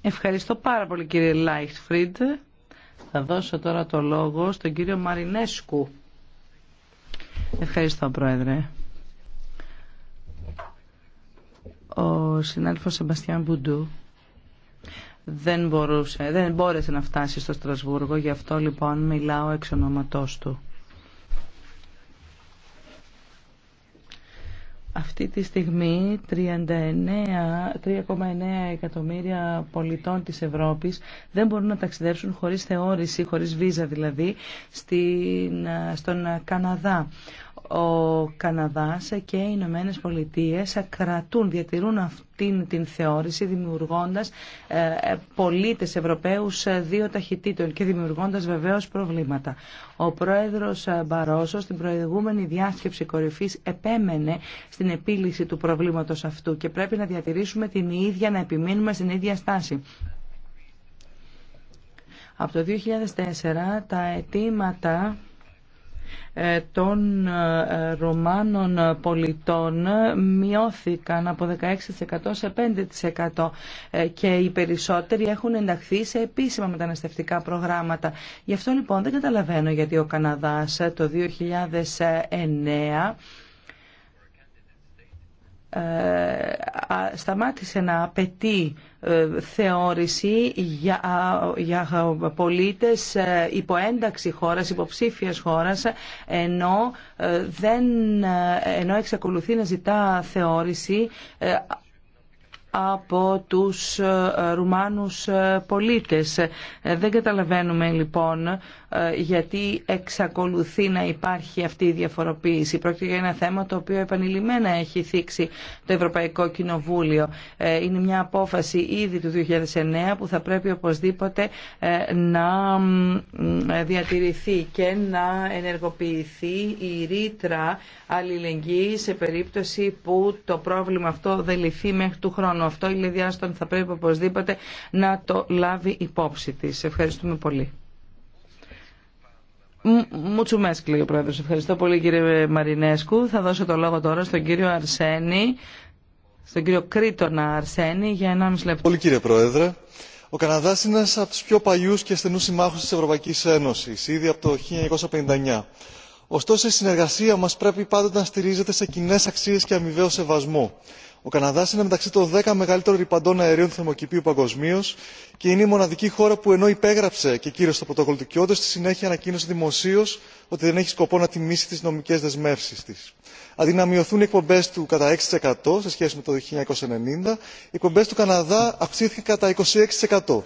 Ευχαριστώ. πάρα πολύ κύριε Λάιχτφριντ. Θα δώσω τώρα το λόγο στον κύριο Μαρινέσκου. Ευχαριστώ πρόεδρε. Ο συνάδελφος Σεμπαστιάν Μπουντού δεν, μπορούσε, δεν μπόρεσε να φτάσει στο Στρασβούργο, γι' αυτό λοιπόν μιλάω εξ του. Αυτή τη στιγμή 3,9 εκατομμύρια πολιτών της Ευρώπης δεν μπορούν να ταξιδέψουν χωρίς θεώρηση, χωρίς βίζα δηλαδή, στον Καναδά ο Καναδάς και οι Ηνωμένε Πολιτείε κρατούν, διατηρούν αυτήν την θεώρηση δημιουργώντας ε, πολίτες Ευρωπαίους ε, δύο ταχυτήτων και δημιουργώντας βεβαίως προβλήματα. Ο πρόεδρος ε, Μπαρόσο στην προηγούμενη διάσκεψη κορυφής επέμενε στην επίλυση του προβλήματος αυτού και πρέπει να διατηρήσουμε την ίδια, να επιμείνουμε στην ίδια στάση. Από το 2004 τα αιτήματα ε, των ε, Ρωμάνων πολιτών μειώθηκαν από 16% σε 5% ε, και οι περισσότεροι έχουν ενταχθεί σε επίσημα μεταναστευτικά προγράμματα. Γι' αυτό λοιπόν δεν καταλαβαίνω γιατί ο Καναδάς το 2009 ε, σταμάτησε να απαιτεί ε, θεώρηση για, για πολίτες ε, υπό ένταξη χώρας, υποψήφιας χώρας, ενώ, δεν, ενώ εξακολουθεί να ζητά θεώρηση από τους Ρουμάνους πολίτες. Δεν καταλαβαίνουμε λοιπόν ε, γιατί εξακολουθεί να υπάρχει αυτή η διαφοροποίηση. Πρόκειται για ένα θέμα το οποίο επανειλημμένα έχει θίξει το Ευρωπαϊκό Κοινοβούλιο. Ε, είναι μια απόφαση ήδη του 2009 που θα πρέπει οπωσδήποτε ε, να διατηρηθεί και να ενεργοποιηθεί η ρήτρα αλληλεγγύη σε περίπτωση που το πρόβλημα αυτό δεν λυθεί μέχρι του χρόνου. Αυτό η Λεδιάστον θα πρέπει οπωσδήποτε να το λάβει υπόψη της. Ευχαριστούμε πολύ. Μουτσουμέσκλη, λέει ο Πρόεδρος. Ευχαριστώ πολύ κύριε Μαρινέσκου. Θα δώσω το λόγο τώρα στον κύριο Αρσένη, στον κύριο Κρήτονα Αρσένη για 1,5 λεπτό. Πολύ κύριε Πρόεδρε. Ο Καναδά είναι ένα από του πιο παλιού και στενού συμμάχου τη Ευρωπαϊκή Ένωση, ήδη από το 1959. Ωστόσο, η συνεργασία μα πρέπει πάντοτε να στηρίζεται σε κοινέ αξίε και αμοιβαίο σεβασμό ο καναδά είναι μεταξύ των δέκα μεγαλύτερων ρηπαντών αερίων θερμοκηπίου παγκοσμίω και είναι η μοναδική χώρα που ενώ υπέγραψε και κύρωσε το πρωτόκολλο του κιότο στη συνέχεια ανακοίνωσε δημοσίω ότι δεν έχει σκοπό να τιμήσει τι νομικέ δεσμεύσει τη. αντί να μειωθούν οι εκπομπέ του κατά 6 σε σχέση με το 1990 οι εκπομπέ του καναδά αυξήθηκαν κατά. 26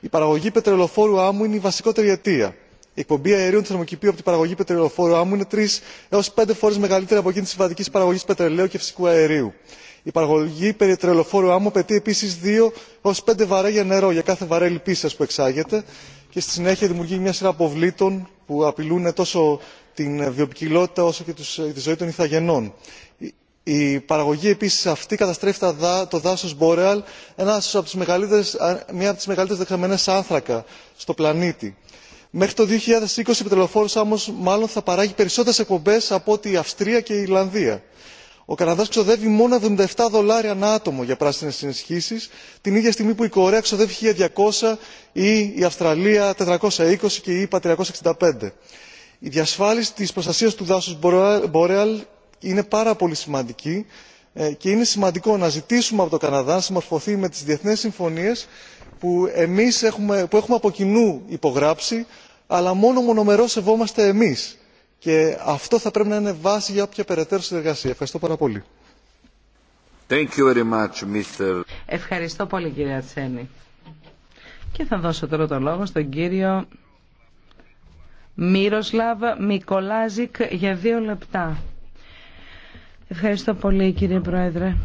η παραγωγή πετρελοφόρου άμμου είναι η βασικότερη αιτία. Η εκπομπή αερίων θερμοκηπίου από την παραγωγή πετρελοφόρου άμμου είναι τρει έω πέντε φορέ μεγαλύτερη από εκείνη τη συμβατική παραγωγή πετρελαίου και φυσικού αερίου η παραγωγή περιτρελοφόρου άμμου απαιτεί επίση δύο έω πέντε βαρέλια νερό για κάθε βαρέλι πίσας που εξάγεται και στη συνέχεια δημιουργεί μια σειρά αποβλήτων που απειλούν τόσο την βιοποικιλότητα όσο και τη ζωή των ηθαγενών. η παραγωγή επίση αυτή καταστρέφει το δάσο Μπορέαλ, μία από τι μεγαλύτερε δεξαμενέ άνθρακα στο πλανήτη. μέχρι το 2020 η πετρελαιοφόρος άμμος μάλλον θα παράγει περισσότερε εκπομπέ από ότι η αυστρία και η ιρλανδία ο καναδά ξοδεύει μόνο εβδομήντα δολάρια ανά άτομο για πράσινε ενισχύσει την ίδια στιγμή που η κορέα ξοδεύει χίλια η αυστραλία 420 και η ηπα. ΕΕ 365. η διασφάλιση τη προστασία του δάσου boreal είναι πάρα πολύ σημαντική ε, και είναι σημαντικό να ζητήσουμε από τον καναδά να συμμορφωθεί με τι διεθνεί συμφωνίε που έχουμε από κοινού υπογράψει αλλά μόνο μονομερό σεβόμαστε εμείς και αυτό θα πρέπει να είναι βάση για όποια περαιτέρω συνεργασία. Ευχαριστώ πάρα πολύ. Thank you very much, Mr. Ευχαριστώ πολύ κύριε Ατσένη. Και θα δώσω τώρα το λόγο στον κύριο Μύροσλαβ Μικολάζικ για δύο λεπτά. Ευχαριστώ πολύ κύριε Πρόεδρε.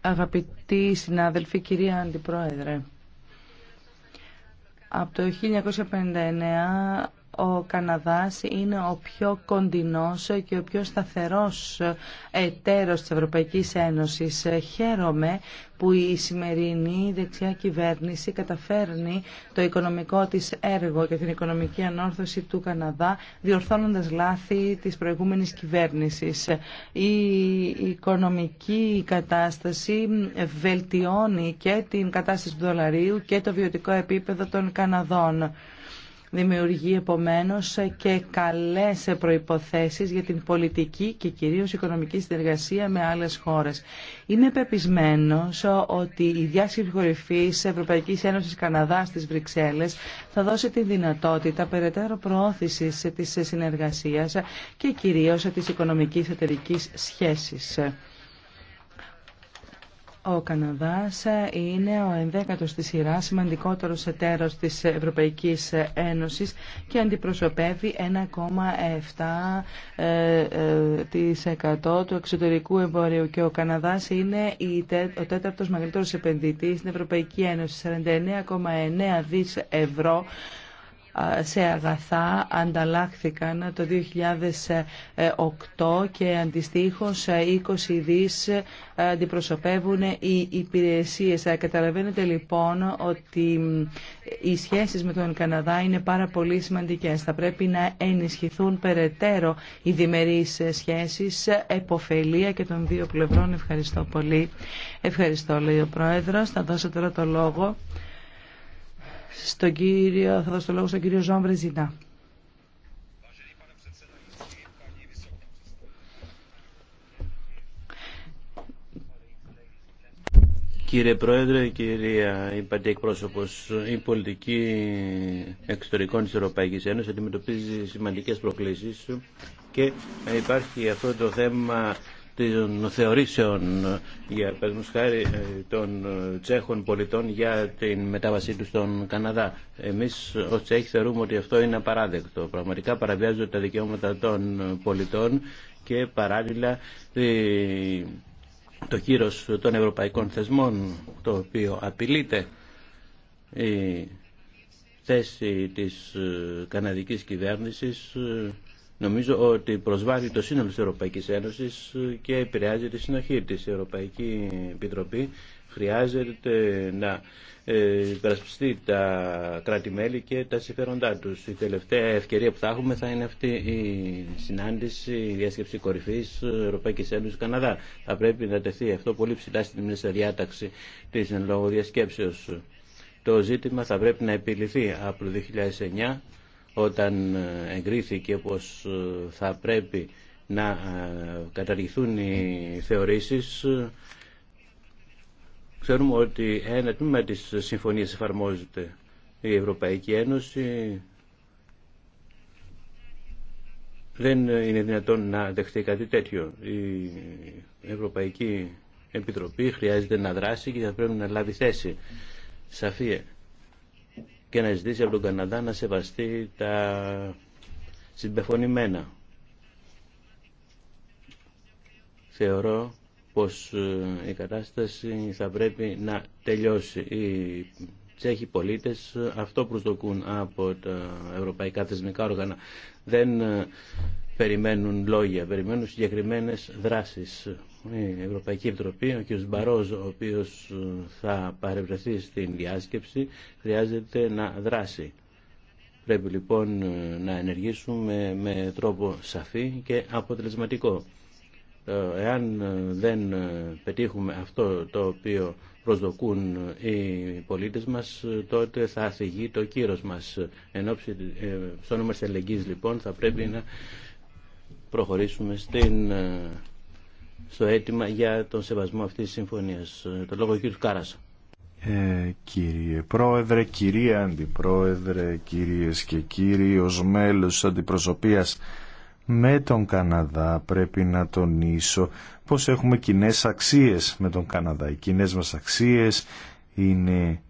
Αγαπητοί συνάδελφοι, κυρία Αντιπρόεδρε. Από το 1959 ο Καναδάς είναι ο πιο κοντινός και ο πιο σταθερός εταίρος της Ευρωπαϊκής Ένωσης. Χαίρομαι που η σημερινή δεξιά κυβέρνηση καταφέρνει το οικονομικό της έργο και την οικονομική ανόρθωση του Καναδά διορθώνοντας λάθη της προηγούμενης κυβέρνησης. Η οικονομική κατάσταση βελτιώνει και την κατάσταση του δολαρίου και το βιωτικό επίπεδο των Καναδών δημιουργεί επομένως και καλές προϋποθέσεις για την πολιτική και κυρίως οικονομική συνεργασία με άλλες χώρες. Είναι πεπισμένος ότι η διάσκεψη κορυφής Ευρωπαϊκής Ένωσης Καναδά στις Βρυξέλλες θα δώσει τη δυνατότητα περαιτέρω προώθησης της συνεργασίας και κυρίως της οικονομικής εταιρικής σχέσης. Ο Καναδάς είναι ο ενδέκατος στη σειρά σημαντικότερος εταίρος της Ευρωπαϊκής Ένωσης και αντιπροσωπεύει 1,7% ε, ε, του εξωτερικού εμπορίου και ο Καναδάς είναι ο τέταρτος μεγαλύτερος επενδυτής στην Ευρωπαϊκή Ένωση 49,9 δις ευρώ σε αγαθά ανταλλάχθηκαν το 2008 και αντιστοίχως 20 δις αντιπροσωπεύουν οι υπηρεσίες. Καταλαβαίνετε λοιπόν ότι οι σχέσεις με τον Καναδά είναι πάρα πολύ σημαντικές. Θα πρέπει να ενισχυθούν περαιτέρω οι διμερείς σχέσεις, εποφελία και των δύο πλευρών. Ευχαριστώ πολύ. Ευχαριστώ λέει ο Πρόεδρος. Θα δώσω τώρα το λόγο στον κύριο, θα δώσω το λόγο στον κύριο Ζωάν Βρεζινά. Κύριε Πρόεδρε, κυρία Υπατή Εκπρόσωπο, η πολιτική εξωτερικών τη Ευρωπαϊκή Ένωση αντιμετωπίζει σημαντικές προκλήσεις και υπάρχει αυτό το θέμα των θεωρήσεων για παραδείγματος χάρη ε, των ε, Τσέχων πολιτών για την μετάβασή του στον Καναδά. Εμείς ως Τσέχοι θεωρούμε ότι αυτό είναι απαράδεκτο. Πραγματικά παραβιάζονται τα δικαιώματα των ε, πολιτών και παράλληλα το κύρος των ευρωπαϊκών θεσμών το οποίο απειλείται η θέση της καναδικής κυβέρνησης Νομίζω ότι προσβάλλει το σύνολο της Ευρωπαϊκής Ένωσης και επηρεάζει τη συνοχή της. Η Ευρωπαϊκή Επιτροπή χρειάζεται να ε, υπερασπιστεί τα κράτη-μέλη και τα συμφέροντά τους. Η τελευταία ευκαιρία που θα έχουμε θα είναι αυτή η συνάντηση, η διάσκεψη κορυφής Ευρωπαϊκής Ένωσης Καναδά. Θα πρέπει να τεθεί αυτό πολύ ψηλά στην μέσα διάταξη της εν λόγω διασκέψεως. Το ζήτημα θα πρέπει να επιληθεί από το 2009 όταν ε, εγκρίθηκε πως ε, θα πρέπει να ε, καταργηθούν οι θεωρήσεις ξέρουμε ότι ένα τμήμα της συμφωνίας εφαρμόζεται η Ευρωπαϊκή Ένωση δεν είναι δυνατόν να δεχτεί κάτι τέτοιο. Η Ευρωπαϊκή Επιτροπή χρειάζεται να δράσει και θα πρέπει να λάβει θέση και να ζητήσει από τον Καναδά να σεβαστεί τα συμπεφωνημένα. Θεωρώ πως ε, η κατάσταση θα πρέπει να τελειώσει. Οι Τσέχοι πολίτες αυτό προσδοκούν από τα ευρωπαϊκά θεσμικά όργανα. Δεν ε, περιμένουν λόγια, περιμένουν συγκεκριμένες δράσεις η Ευρωπαϊκή Επιτροπή, ο κ. ο οποίος ε, θα παρευρεθεί στην διάσκεψη, χρειάζεται να δράσει. Πρέπει λοιπόν ε, να ενεργήσουμε με τρόπο σαφή και αποτελεσματικό. Ε, εάν δεν πετύχουμε αυτό το οποίο προσδοκούν οι πολίτες μας, τότε θα αφηγεί το κύρος μας. Εν ώψη στο της λοιπόν θα πρέπει να προχωρήσουμε στην στο αίτημα για τον σεβασμό αυτής της συμφωνίας. Το λόγο του κ. Κάρας. Ε, κύριε Πρόεδρε, κυρία Αντιπρόεδρε, κυρίες και κύριοι, ω μέλο της αντιπροσωπείας με τον Καναδά πρέπει να τονίσω πως έχουμε κοινέ αξίες με τον Καναδά. Οι κοινέ μας αξίες είναι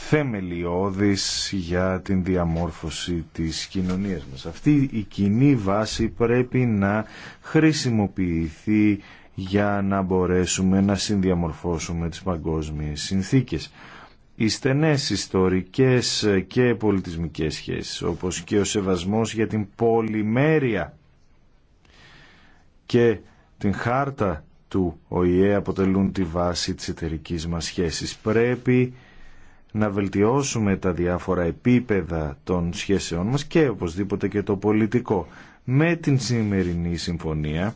θεμελιώδης για την διαμόρφωση της κοινωνίας μας. Αυτή η κοινή βάση πρέπει να χρησιμοποιηθεί για να μπορέσουμε να συνδιαμορφώσουμε τις παγκόσμιες συνθήκες. Οι στενές ιστορικές και πολιτισμικές σχέσεις, όπως και ο σεβασμός για την πολυμέρεια και την χάρτα του ΟΗΕ αποτελούν τη βάση της εταιρικής μας σχέσης. Πρέπει να βελτιώσουμε τα διάφορα επίπεδα των σχέσεών μας και οπωσδήποτε και το πολιτικό. Με την σημερινή συμφωνία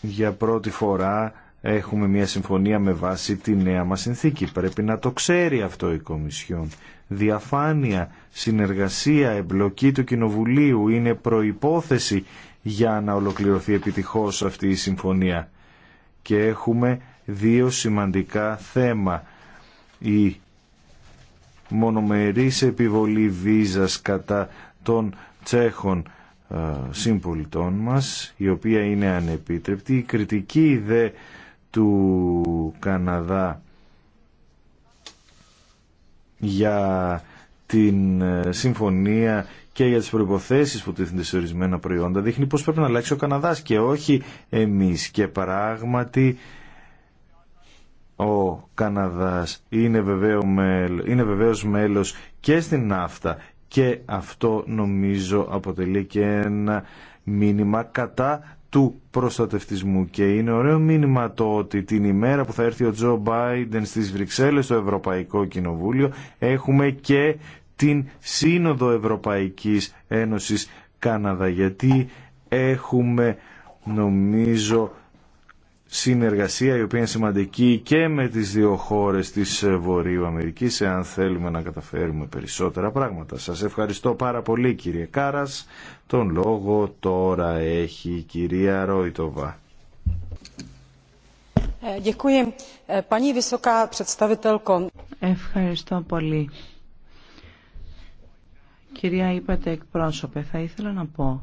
για πρώτη φορά έχουμε μια συμφωνία με βάση τη νέα μας συνθήκη. Πρέπει να το ξέρει αυτό η Κομισιόν. Διαφάνεια, συνεργασία, εμπλοκή του Κοινοβουλίου είναι προϋπόθεση για να ολοκληρωθεί επιτυχώς αυτή η συμφωνία. Και έχουμε δύο σημαντικά θέμα. Η μονομερής επιβολή βίζας κατά των Τσέχων ε, συμπολιτών μας, η οποία είναι ανεπίτρεπτη. Η κριτική δε του Καναδά για την ε, συμφωνία και για τις προϋποθέσεις που τίθενται σε ορισμένα προϊόντα δείχνει πως πρέπει να αλλάξει ο Καναδάς και όχι εμείς και πράγματι ο Καναδάς είναι, βεβαίω μέλο, βεβαίως μέλος και στην ναύτα και αυτό νομίζω αποτελεί και ένα μήνυμα κατά του προστατευτισμού και είναι ωραίο μήνυμα το ότι την ημέρα που θα έρθει ο Τζο Μπάιντεν στις Βρυξέλλες στο Ευρωπαϊκό Κοινοβούλιο έχουμε και την Σύνοδο Ευρωπαϊκής Ένωσης Καναδά γιατί έχουμε νομίζω συνεργασία η οποία είναι σημαντική και με τις δύο χώρες της ε, Βορείου Αμερικής εάν θέλουμε να καταφέρουμε περισσότερα πράγματα. Σας ευχαριστώ πάρα πολύ κύριε Κάρας. Τον λόγο τώρα έχει η κυρία Ρόιτοβα. Ε, ε, ευχαριστώ πολύ. Κυρία είπατε εκπρόσωπε, θα ήθελα να πω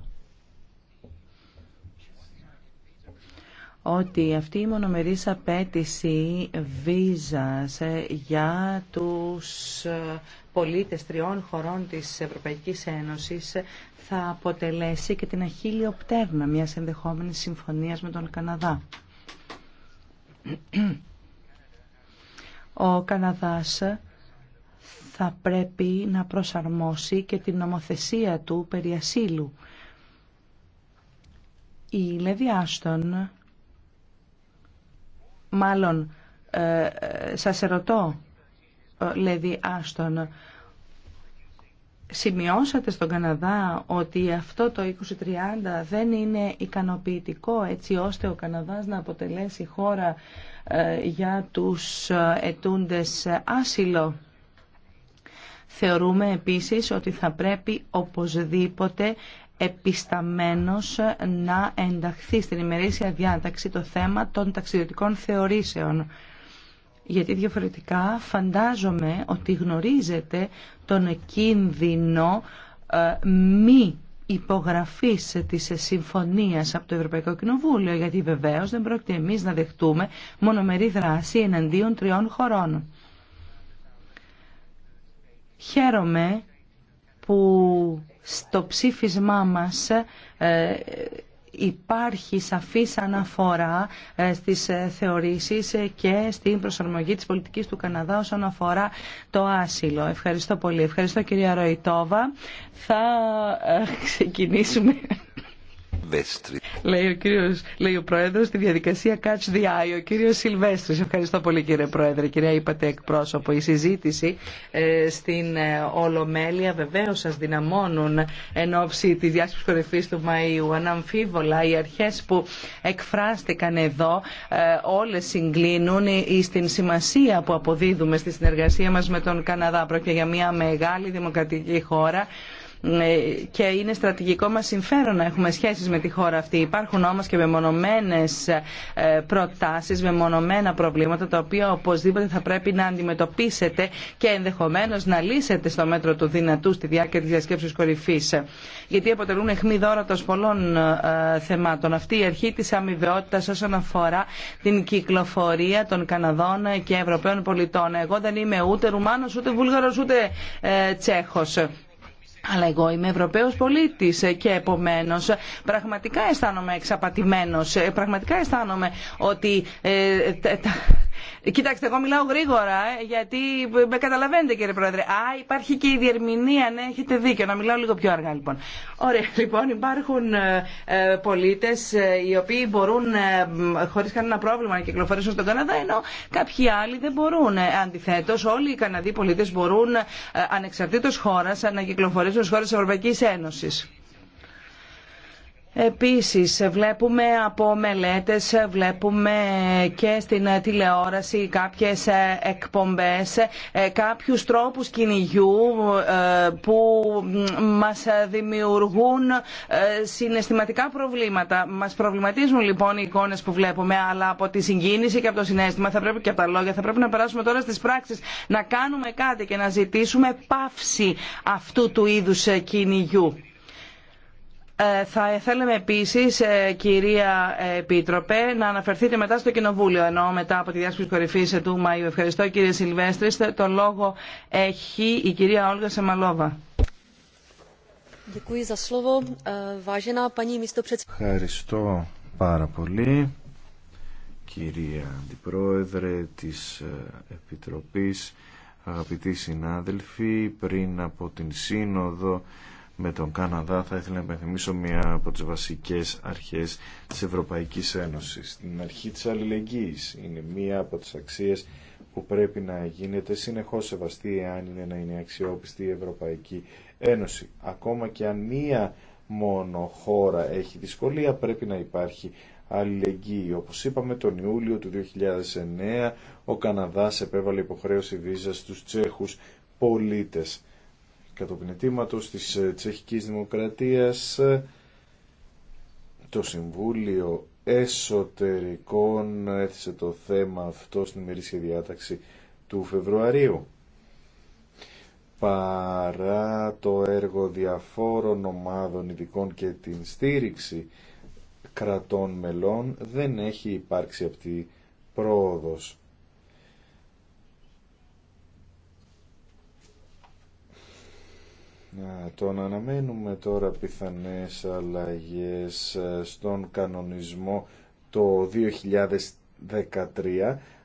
ότι αυτή η μονομερής απέτηση βίζας ε, για τους ε, πολίτες τριών χωρών της Ευρωπαϊκής Ένωσης ε, θα αποτελέσει και την αχίλιο πτέρνα μιας ενδεχόμενης συμφωνίας με τον Καναδά. Ο Καναδάς θα πρέπει να προσαρμόσει και την νομοθεσία του περί ασύλου. Η Λεβιάστον Μάλλον, ε, ε, σας ερωτώ, ε, Λέδη Άστον, σημειώσατε στον Καναδά ότι αυτό το 2030 δεν είναι ικανοποιητικό έτσι ώστε ο Καναδάς να αποτελέσει χώρα ε, για τους ετούντες άσυλο. Θεωρούμε επίσης ότι θα πρέπει οπωσδήποτε επισταμένος να ενταχθεί στην ημερήσια διάταξη το θέμα των ταξιδιωτικών θεωρήσεων. Γιατί διαφορετικά φαντάζομαι ότι γνωρίζετε τον κίνδυνο ε, μη υπογραφής της συμφωνίας από το Ευρωπαϊκό Κοινοβούλιο, γιατί βεβαίως δεν πρόκειται εμείς να δεχτούμε μονομερή δράση εναντίον τριών χωρών. Χαίρομαι που στο ψήφισμά μας ε, υπάρχει σαφής αναφορά ε, στις ε, θεωρήσεις και στην προσαρμογή της πολιτικής του Καναδά όσον αφορά το άσυλο. Ευχαριστώ πολύ. Ευχαριστώ κυρία Ροϊτόβα. Θα ξεκινήσουμε... Λέει ο, κύριος, λέει ο Πρόεδρος στη διαδικασία Catch the Eye, ο κύριο Σιλβέστρης. Ευχαριστώ πολύ κύριε Πρόεδρε. Κυρία είπατε εκπρόσωπο, η συζήτηση ε, στην ε, Ολομέλεια βεβαίως σας δυναμώνουν εν ώψη της διάσκεψη κορυφή του Μαΐου. Αναμφίβολα οι αρχές που εκφράστηκαν εδώ ε, όλες συγκλίνουν στην σημασία που αποδίδουμε στη συνεργασία μα με τον Καναδά. Πρόκειται για μια μεγάλη δημοκρατική χώρα ναι, και είναι στρατηγικό μα συμφέρον να έχουμε σχέσεις με τη χώρα αυτή. Υπάρχουν όμως και μεμονωμένες ε, προτάσεις, μεμονωμένα προβλήματα τα οποία οπωσδήποτε θα πρέπει να αντιμετωπίσετε και ενδεχομένως να λύσετε στο μέτρο του δυνατού στη διάρκεια της διασκέψης κορυφής. Γιατί αποτελούν αιχμή δόρατος πολλών ε, θεμάτων. Αυτή η αρχή της αμοιβαιότητας όσον αφορά την κυκλοφορία των Καναδών και Ευρωπαίων πολιτών. Εγώ δεν είμαι ούτε Ρουμάνος, ούτε Βούλγαρος, ούτε ε, τσέχο. Αλλά εγώ είμαι Ευρωπαίος πολίτης και επομένως πραγματικά αισθάνομαι εξαπατημένο. Ε, πραγματικά αισθάνομαι ότι ε, Κοιτάξτε, εγώ μιλάω γρήγορα, ε, γιατί με καταλαβαίνετε κύριε Πρόεδρε. Α, υπάρχει και η διερμηνία, ναι, έχετε δίκιο. Να μιλάω λίγο πιο αργά λοιπόν. Ωραία, λοιπόν, υπάρχουν ε, ε πολίτε ε, οι οποίοι μπορούν ε, χωρί κανένα πρόβλημα να κυκλοφορήσουν στον Καναδά, ενώ κάποιοι άλλοι δεν μπορούν. Αντιθέτω, όλοι οι Καναδοί πολίτε μπορούν ε, ανεξαρτήτω χώρα να κυκλοφορήσουν στι χώρε τη Ευρωπαϊκή Ένωση. Επίσης βλέπουμε από μελέτες, βλέπουμε και στην τηλεόραση κάποιες ε, εκπομπές, ε, κάποιους τρόπους κυνηγιού ε, που μας δημιουργούν συναισθηματικά προβλήματα. Μας προβληματίζουν λοιπόν οι εικόνες που βλέπουμε, αλλά από τη συγκίνηση και από το συνέστημα θα πρέπει και από τα λόγια, θα πρέπει να περάσουμε τώρα στις πράξεις, να κάνουμε κάτι και να ζητήσουμε πάυση αυτού του είδους κυνηγιού. Ε, θα θέλαμε επίσης, ε, κυρία Επίτροπε, να αναφερθείτε μετά στο Κοινοβούλιο, ενώ μετά από τη διάσκεψη κορυφής του Μαΐου. Ευχαριστώ κύριε Σιλβέστρη. Το λόγο έχει η κυρία Όλγα Σεμαλόβα. Ε, Ευχαριστώ πάρα πολύ, κυρία Αντιπρόεδρε της Επιτροπής, αγαπητοί συνάδελφοι, πριν από την Σύνοδο με τον Καναδά θα ήθελα να υπενθυμίσω μια από τις βασικές αρχές της Ευρωπαϊκής Ένωσης. Την αρχή της αλληλεγγύης είναι μια από τις αξίες που πρέπει να γίνεται συνεχώς σεβαστή εάν είναι να είναι αξιόπιστη η Ευρωπαϊκή Ένωση. Ακόμα και αν μία μόνο χώρα έχει δυσκολία πρέπει να υπάρχει αλληλεγγύη. Όπως είπαμε τον Ιούλιο του 2009 ο Καναδάς επέβαλε υποχρέωση βίζας στους Τσέχους πολίτες κατόπιν αιτήματος της ε, Τσεχικής Δημοκρατίας το Συμβούλιο Εσωτερικών έθεσε το θέμα αυτό στην ημερήσια διάταξη του Φεβρουαρίου παρά το έργο διαφόρων ομάδων ειδικών και την στήριξη κρατών μελών δεν έχει υπάρξει αυτή πρόοδος το τον αναμένουμε τώρα πιθανές αλλαγές ε, στον κανονισμό το 2013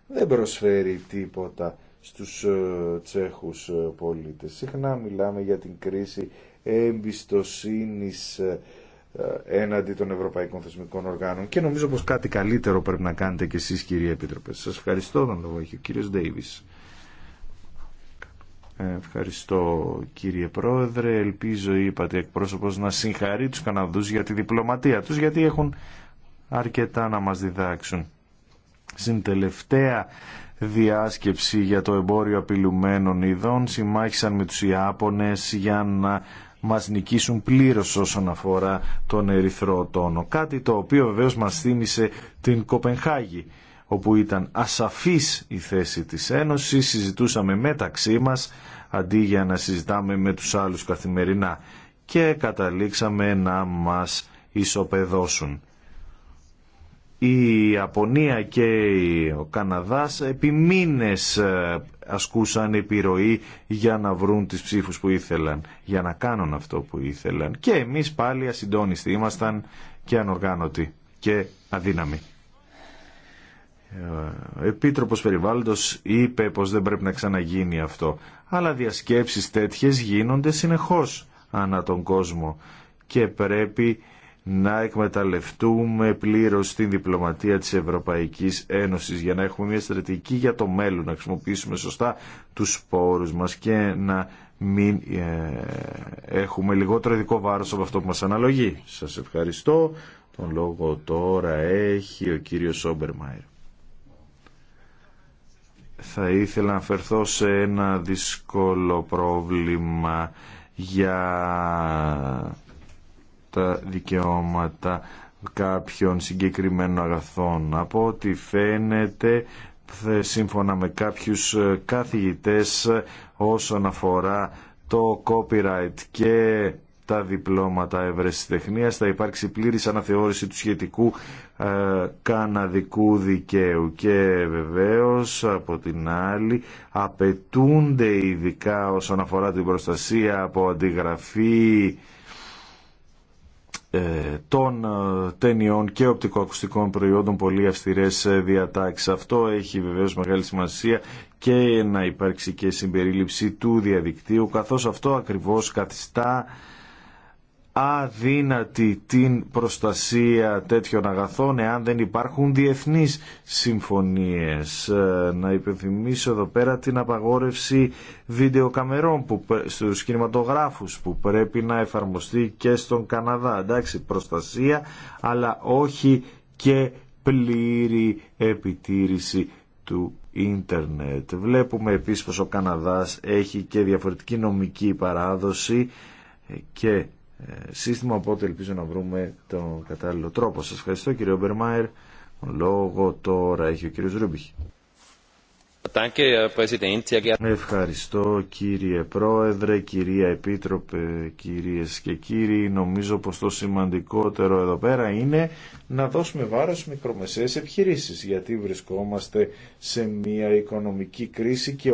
δεν προσφέρει τίποτα στους ε, Τσέχους ε, πολίτες. Συχνά μιλάμε για την κρίση εμπιστοσύνης έναντι των Ευρωπαϊκών Θεσμικών Οργάνων και νομίζω πως κάτι καλύτερο πρέπει να κάνετε και εσείς κύριε Επίτροπε. Σας ευχαριστώ τον λόγο ο Ευχαριστώ κύριε Πρόεδρε. Ελπίζω, είπατε εκπρόσωπος, να συγχαρεί τους Καναδούς για τη διπλωματία τους, γιατί έχουν αρκετά να μας διδάξουν. Στην τελευταία διάσκεψη για το εμπόριο απειλουμένων ειδών συμμάχησαν με τους Ιάπωνες για να μας νικήσουν πλήρως όσον αφορά τον ερυθρό τόνο. Κάτι το οποίο βεβαίως μας θύμισε την Κοπενχάγη όπου ήταν ασαφής η θέση της Ένωσης, συζητούσαμε μεταξύ μας αντί για να συζητάμε με τους άλλους καθημερινά και καταλήξαμε να μας ισοπεδώσουν. Η Απονία και ο Καναδάς επί ε, ασκούσαν επιρροή για να βρουν τις ψήφους που ήθελαν, για να κάνουν αυτό που ήθελαν. Και εμείς πάλι ασυντόνιστοι ήμασταν και ανοργάνωτοι και αδύναμοι ο ε, Επίτροπος Περιβάλλοντος είπε πως δεν πρέπει να ξαναγίνει αυτό. Αλλά διασκέψεις τέτοιες γίνονται συνεχώς ανά τον κόσμο και πρέπει να εκμεταλλευτούμε πλήρως την διπλωματία της Ευρωπαϊκής Ένωσης για να έχουμε μια στρατηγική για το μέλλον, να χρησιμοποιήσουμε σωστά τους πόρους μας και να μην ε, έχουμε λιγότερο ειδικό βάρος από αυτό που μας αναλογεί. Σας ευχαριστώ. Τον λόγο τώρα έχει ο κύριος Σόμπερ θα ήθελα να φερθώ σε ένα δύσκολο πρόβλημα για τα δικαιώματα κάποιων συγκεκριμένων αγαθών. Από ό,τι φαίνεται, σύμφωνα με κάποιους καθηγητές όσον αφορά το copyright και τα διπλώματα ευρεσιτεχνία. θα υπάρξει πλήρης αναθεώρηση του σχετικού ε, καναδικού δικαίου και βεβαίως από την άλλη απαιτούνται ειδικά όσον αφορά την προστασία από αντιγραφή ε, των ε, ταινιών και οπτικοακουστικών προϊόντων πολύ αυστηρές διατάξεις. Αυτό έχει βεβαίως μεγάλη σημασία και να υπάρξει και συμπερίληψη του διαδικτύου καθώς αυτό ακριβώς καθιστά αδύνατη την προστασία τέτοιων αγαθών εάν δεν υπάρχουν διεθνείς συμφωνίες. Ε, να υπενθυμίσω εδώ πέρα την απαγόρευση βιντεοκαμερών που, στους κινηματογράφους που πρέπει να εφαρμοστεί και στον Καναδά. Εντάξει, προστασία αλλά όχι και πλήρη επιτήρηση του ίντερνετ. Βλέπουμε επίσης πως ο Καναδάς έχει και διαφορετική νομική παράδοση και ε, σύστημα, οπότε ελπίζω να βρούμε τον κατάλληλο τρόπο. Σας ευχαριστώ κύριε Ομπερμάερ. Λόγο τώρα έχει ο κύριος Ρούμπιχ. Ευχαριστώ κύριε Πρόεδρε, κυρία Επίτροπε, κυρίες και κύριοι. Νομίζω πως το σημαντικότερο εδώ πέρα είναι να δώσουμε βάρος μικρομεσαίες επιχειρήσεις γιατί βρισκόμαστε σε μια οικονομική κρίση και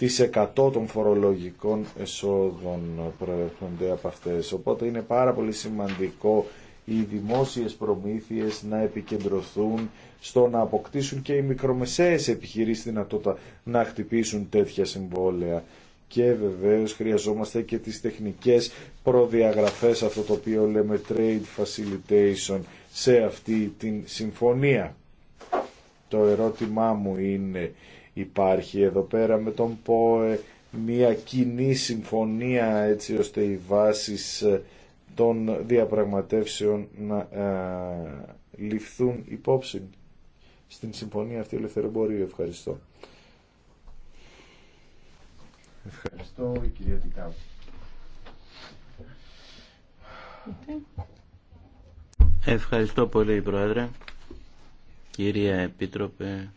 τις 100 των φορολογικών εσόδων προέρχονται από αυτές. Οπότε είναι πάρα πολύ σημαντικό οι δημόσιες προμήθειες να επικεντρωθούν στο να αποκτήσουν και οι μικρομεσαίες επιχειρήσεις δυνατότητα να χτυπήσουν τέτοια συμβόλαια. Και βεβαίως χρειαζόμαστε και τις τεχνικές προδιαγραφές, αυτό το οποίο λέμε trade facilitation, σε αυτή την συμφωνία. Το ερώτημά μου είναι Υπάρχει εδώ πέρα με τον ΠΟΕ μια κοινή συμφωνία έτσι ώστε οι βάσεις ε, των διαπραγματεύσεων να ε, ληφθούν υπόψη στην συμφωνία αυτή ελευθεροπορίου. Ευχαριστώ. Ευχαριστώ η κυρία Ευχαριστώ πολύ η Πρόεδρε. Κυρία Επίτροπε,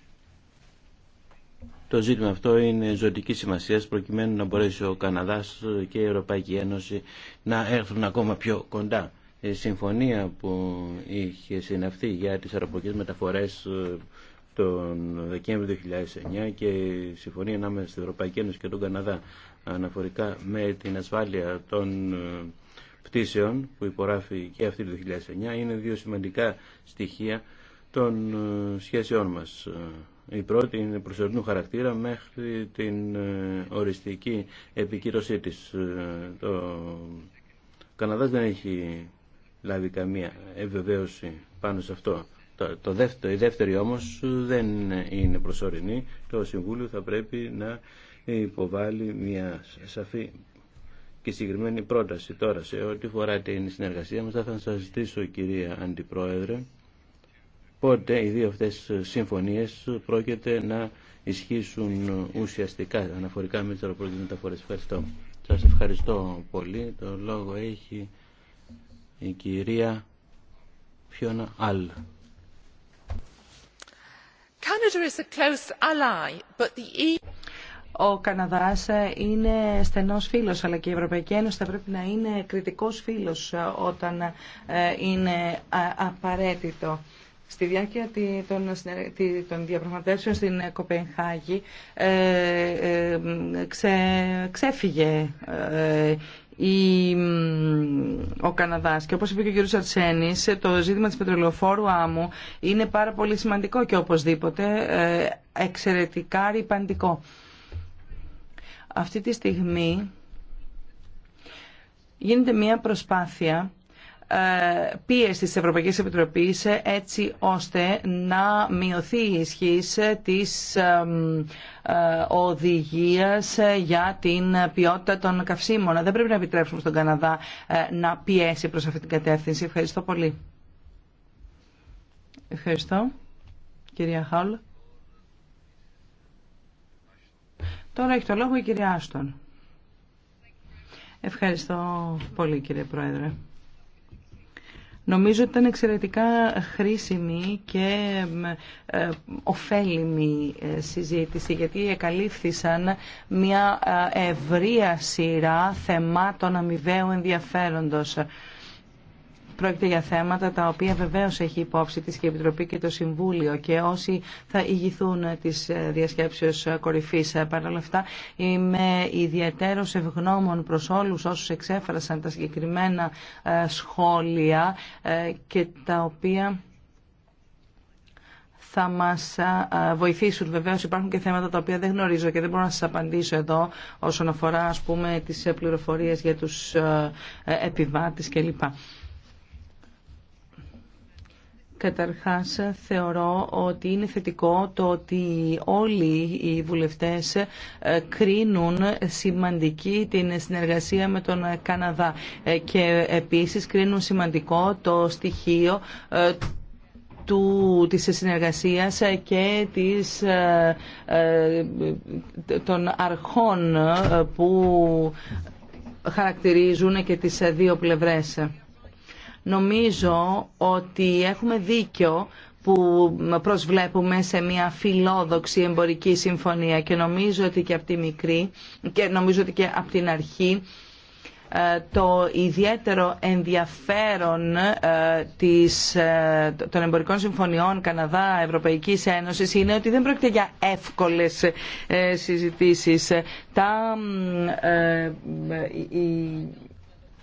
το ζήτημα αυτό είναι ζωτική σημασία προκειμένου να μπορέσει ο Καναδάς και η Ευρωπαϊκή Ένωση να έρθουν ακόμα πιο κοντά. Η συμφωνία που είχε συναυθεί για τις αεροπορικέ μεταφορές ε, τον Δεκέμβριο 2009 και η συμφωνία ανάμεσα στην Ευρωπαϊκή Ένωση και τον Καναδά αναφορικά με την ασφάλεια των ε, πτήσεων που υπογράφει και αυτή το 2009 είναι δύο σημαντικά στοιχεία των ε, σχέσεών μας. Η πρώτη είναι προσωρινού χαρακτήρα μέχρι την ε, οριστική επικύρωσή της. Ε, το Καναδάς δεν έχει λάβει καμία επιβεβαίωση πάνω σε αυτό. Το, το δεύτερο, η δεύτερη όμως δεν είναι προσωρινή. Το Συμβούλιο θα πρέπει να υποβάλει μια σαφή και συγκεκριμένη πρόταση τώρα σε ό,τι φορά την συνεργασία μας θα, θα σας ζητήσω κυρία Αντιπρόεδρε πότε οι δύο αυτές συμφωνίες πρόκειται να ισχύσουν ουσιαστικά αναφορικά με τις αεροπορικές μεταφορές. Ευχαριστώ. Σας ευχαριστώ πολύ. Το λόγο έχει η κυρία Φιώνα Αλ. E Ο Καναδάς είναι στενός φίλος, αλλά και η Ευρωπαϊκή Ένωση θα πρέπει να είναι κριτικός φίλος όταν ε, είναι ε, απαραίτητο. Στη διάρκεια των διαπραγματεύσεων στην Κοπενχάγη ε, ε, ξέφυγε ε, η, ο Καναδάς και όπως είπε και ο κ. Αρσένης το ζήτημα της πετρελοφόρου άμμου είναι πάρα πολύ σημαντικό και οπωσδήποτε εξαιρετικά ρηπαντικό. Αυτή τη στιγμή γίνεται μια προσπάθεια ε, πίεση της Ευρωπαϊκής Επιτροπής έτσι ώστε να μειωθεί η ισχύ της ε, οδηγίας για την ποιότητα των καυσίμων. Δεν πρέπει να επιτρέψουμε στον Καναδά ε, να πιέσει προς αυτή την κατεύθυνση. Ευχαριστώ πολύ. Ευχαριστώ. Κυρία Χαουλ. Τώρα έχει το λόγο η κυρία Άστον. Ευχαριστώ πολύ κύριε Πρόεδρε. Νομίζω ότι ήταν εξαιρετικά χρήσιμη και ε, ωφέλιμη ε, συζήτηση γιατί εκαλύφθησαν μια ε, ευρεία σειρά θεμάτων αμοιβαίου ενδιαφέροντος. Πρόκειται για θέματα τα οποία βεβαίω έχει υπόψη τη και η Επιτροπή και το Συμβούλιο και όσοι θα ηγηθούν τη διασκέψεω κορυφή. Παρ' όλα αυτά, είμαι ιδιαίτερο ευγνώμων προ όλου όσου εξέφρασαν τα συγκεκριμένα ε, σχόλια ε, και τα οποία θα μας ε, βοηθήσουν. Βεβαίως υπάρχουν και θέματα τα οποία δεν γνωρίζω και δεν μπορώ να σας απαντήσω εδώ όσον αφορά ας πούμε τις για τους επιβάτες κλπ. Καταρχάς θεωρώ ότι είναι θετικό το ότι όλοι οι βουλευτές ε, κρίνουν σημαντική την συνεργασία με τον Καναδά ε, και επίσης κρίνουν σημαντικό το στοιχείο ε, του, της συνεργασίας και της, των αρχών που χαρακτηρίζουν και τις δύο πλευρές. Νομίζω ότι έχουμε δίκιο που προσβλέπουμε σε μια φιλόδοξη εμπορική συμφωνία και νομίζω ότι και από τη μικρή και νομίζω ότι και από την αρχή ε, το ιδιαίτερο ενδιαφέρον ε, της, ε, των εμπορικών συμφωνιών Καναδά Ευρωπαϊκής Ένωσης είναι ότι δεν πρόκειται για εύκολες συζητήσεις. Τα,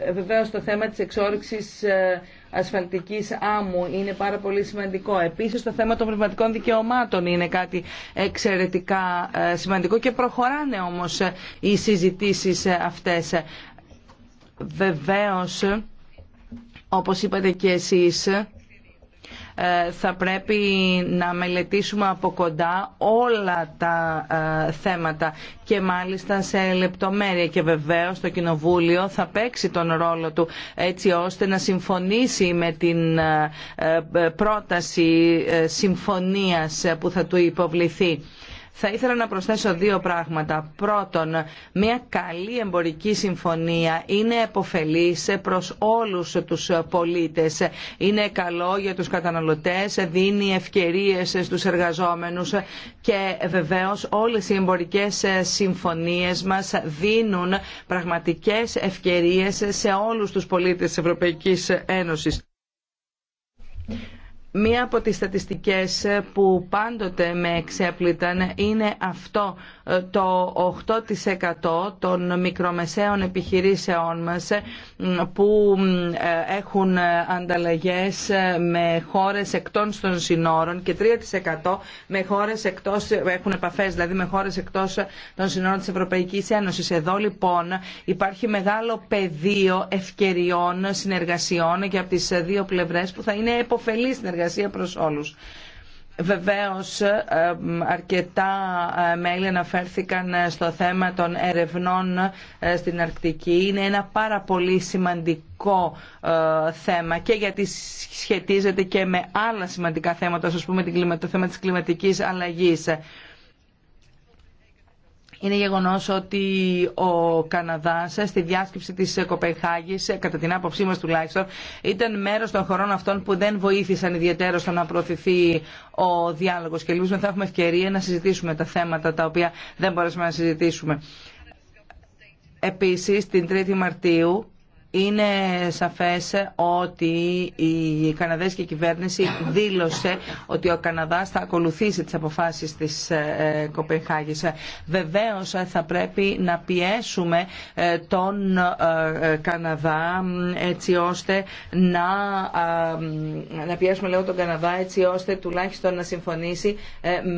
ε, βεβαίως το θέμα της εξόρυξης ε, ασφαλτικής άμμου είναι πάρα πολύ σημαντικό. Επίσης το θέμα των πνευματικών δικαιωμάτων είναι κάτι εξαιρετικά ε, σημαντικό και προχωράνε όμως οι συζητήσεις αυτές. Βεβαίως, όπως είπατε και εσείς, ε, θα πρέπει να μελετήσουμε από κοντά όλα τα ε, θέματα και μάλιστα σε λεπτομέρεια και βεβαίως το Κοινοβούλιο θα παίξει τον ρόλο του έτσι ώστε να συμφωνήσει με την ε, πρόταση συμφωνίας που θα του υποβληθεί. Θα ήθελα να προσθέσω δύο πράγματα. Πρώτον, μια καλή εμπορική συμφωνία είναι επωφελής προς όλους τους πολίτες. Είναι καλό για τους καταναλωτές, δίνει ευκαιρίες στους εργαζόμενους και βεβαίως όλες οι εμπορικές συμφωνίες μας δίνουν πραγματικές ευκαιρίες σε όλους τους πολίτες της Ευρωπαϊκής Ένωσης. Μία από τις στατιστικές που πάντοτε με εξέπληταν είναι αυτό το 8% των μικρομεσαίων επιχειρήσεών μας που έχουν ανταλλαγές με χώρες εκτός των συνόρων και 3% με χώρες εκτός, έχουν επαφές δηλαδή με χώρες εκτός των συνόρων της Ευρωπαϊκής Ένωσης. Εδώ λοιπόν υπάρχει μεγάλο πεδίο ευκαιριών συνεργασιών και από τις δύο πλευρές που θα είναι επωφελή συνεργασία συνεργασία προς όλους. Βεβαίως ε, αρκετά μέλη ε, αναφέρθηκαν ε, στο θέμα των ερευνών στην Αρκτική. Είναι ένα πάρα πολύ σημαντικό θέμα και γιατί σχετίζεται και με άλλα σημαντικά θέματα, όπως πούμε το θέμα της κλιματικής αλλαγής. Είναι γεγονό ότι ο Καναδάς στη διάσκεψη τη Κοπεχάγης, κατά την άποψή μα τουλάχιστον, ήταν μέρο των χωρών αυτών που δεν βοήθησαν ιδιαίτερα στο να προωθηθεί ο διάλογο. και ελπίζουμε θα έχουμε ευκαιρία να συζητήσουμε τα θέματα τα οποία δεν μπορέσαμε να συζητήσουμε. Επίσης, την 3η Μαρτίου είναι σαφές ότι η Καναδέζικη κυβέρνηση δήλωσε ότι ο Καναδάς θα ακολουθήσει τις αποφάσεις της ε, Κοπενχάγης. Βεβαίως ε, θα πρέπει να πιέσουμε ε, τον Καναδά έτσι ώστε να, να πιέσουμε λέω τον Καναδά έτσι ώστε τουλάχιστον να συμφωνήσει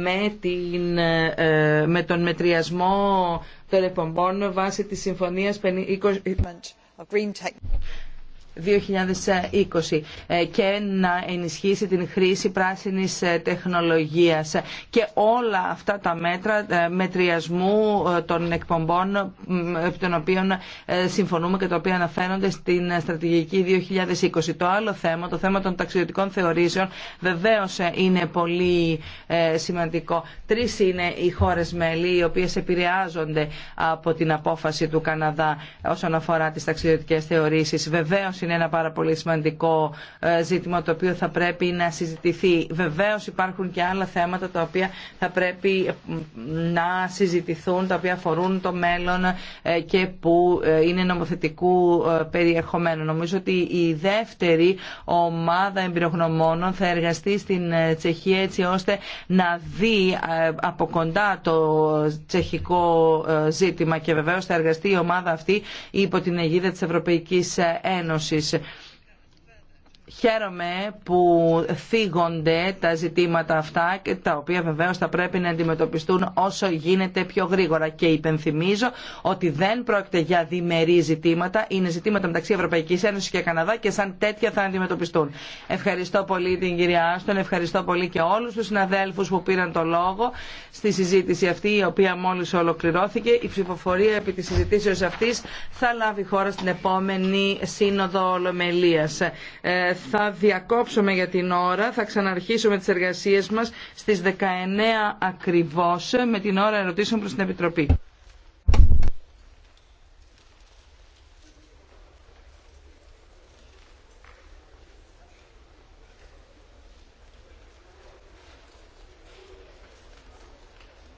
με, την, τον μετριασμό των εκπομπών βάσει της συμφωνίας 20 green 2020 ε, και να ενισχύσει την χρήση πράσινης ε, τεχνολογίας και όλα αυτά τα μέτρα ε, μετριασμού των εκπομπών των οποίων συμφωνούμε και τα οποία αναφέρονται στην στρατηγική 2020. Το άλλο θέμα, το θέμα των ταξιδιωτικών θεωρήσεων βεβαίως είναι πολύ σημαντικό. Τρεις είναι οι χώρες μέλη οι οποίες επηρεάζονται από την απόφαση του Καναδά όσον αφορά τις ταξιδιωτικές θεωρήσεις. Βεβαίως είναι ένα πάρα πολύ σημαντικό ε, ζήτημα το οποίο θα πρέπει να συζητηθεί. Βεβαίως υπάρχουν και άλλα θέματα τα οποία θα πρέπει ε, να συζητηθούν, τα οποία αφορούν το μέλλον ε, και που είναι νομοθετικού περιεχομένου. Νομίζω ότι η δεύτερη ομάδα εμπειρογνωμόνων θα εργαστεί στην Τσεχία έτσι ώστε να δει από κοντά το τσεχικό ζήτημα και βεβαίως θα εργαστεί η ομάδα αυτή υπό την αιγίδα της Ευρωπαϊκής Ένωσης είναι Χαίρομαι που θίγονται τα ζητήματα αυτά και τα οποία βεβαίως θα πρέπει να αντιμετωπιστούν όσο γίνεται πιο γρήγορα και υπενθυμίζω ότι δεν πρόκειται για διμερεί ζητήματα, είναι ζητήματα μεταξύ Ευρωπαϊκής Ένωσης και Καναδά και σαν τέτοια θα αντιμετωπιστούν. Ευχαριστώ πολύ την κυρία Άστον, ευχαριστώ πολύ και όλους τους συναδέλφους που πήραν το λόγο στη συζήτηση αυτή η οποία μόλις ολοκληρώθηκε. Η ψηφοφορία επί της συζητήσεως αυτής θα λάβει χώρα στην επόμενη σύνοδο Ολομελίας. Ε, θα διακόψουμε για την ώρα, θα ξαναρχίσουμε τις εργασίες μας στις 19 ακριβώς με την ώρα ερωτήσεων προς την Επιτροπή.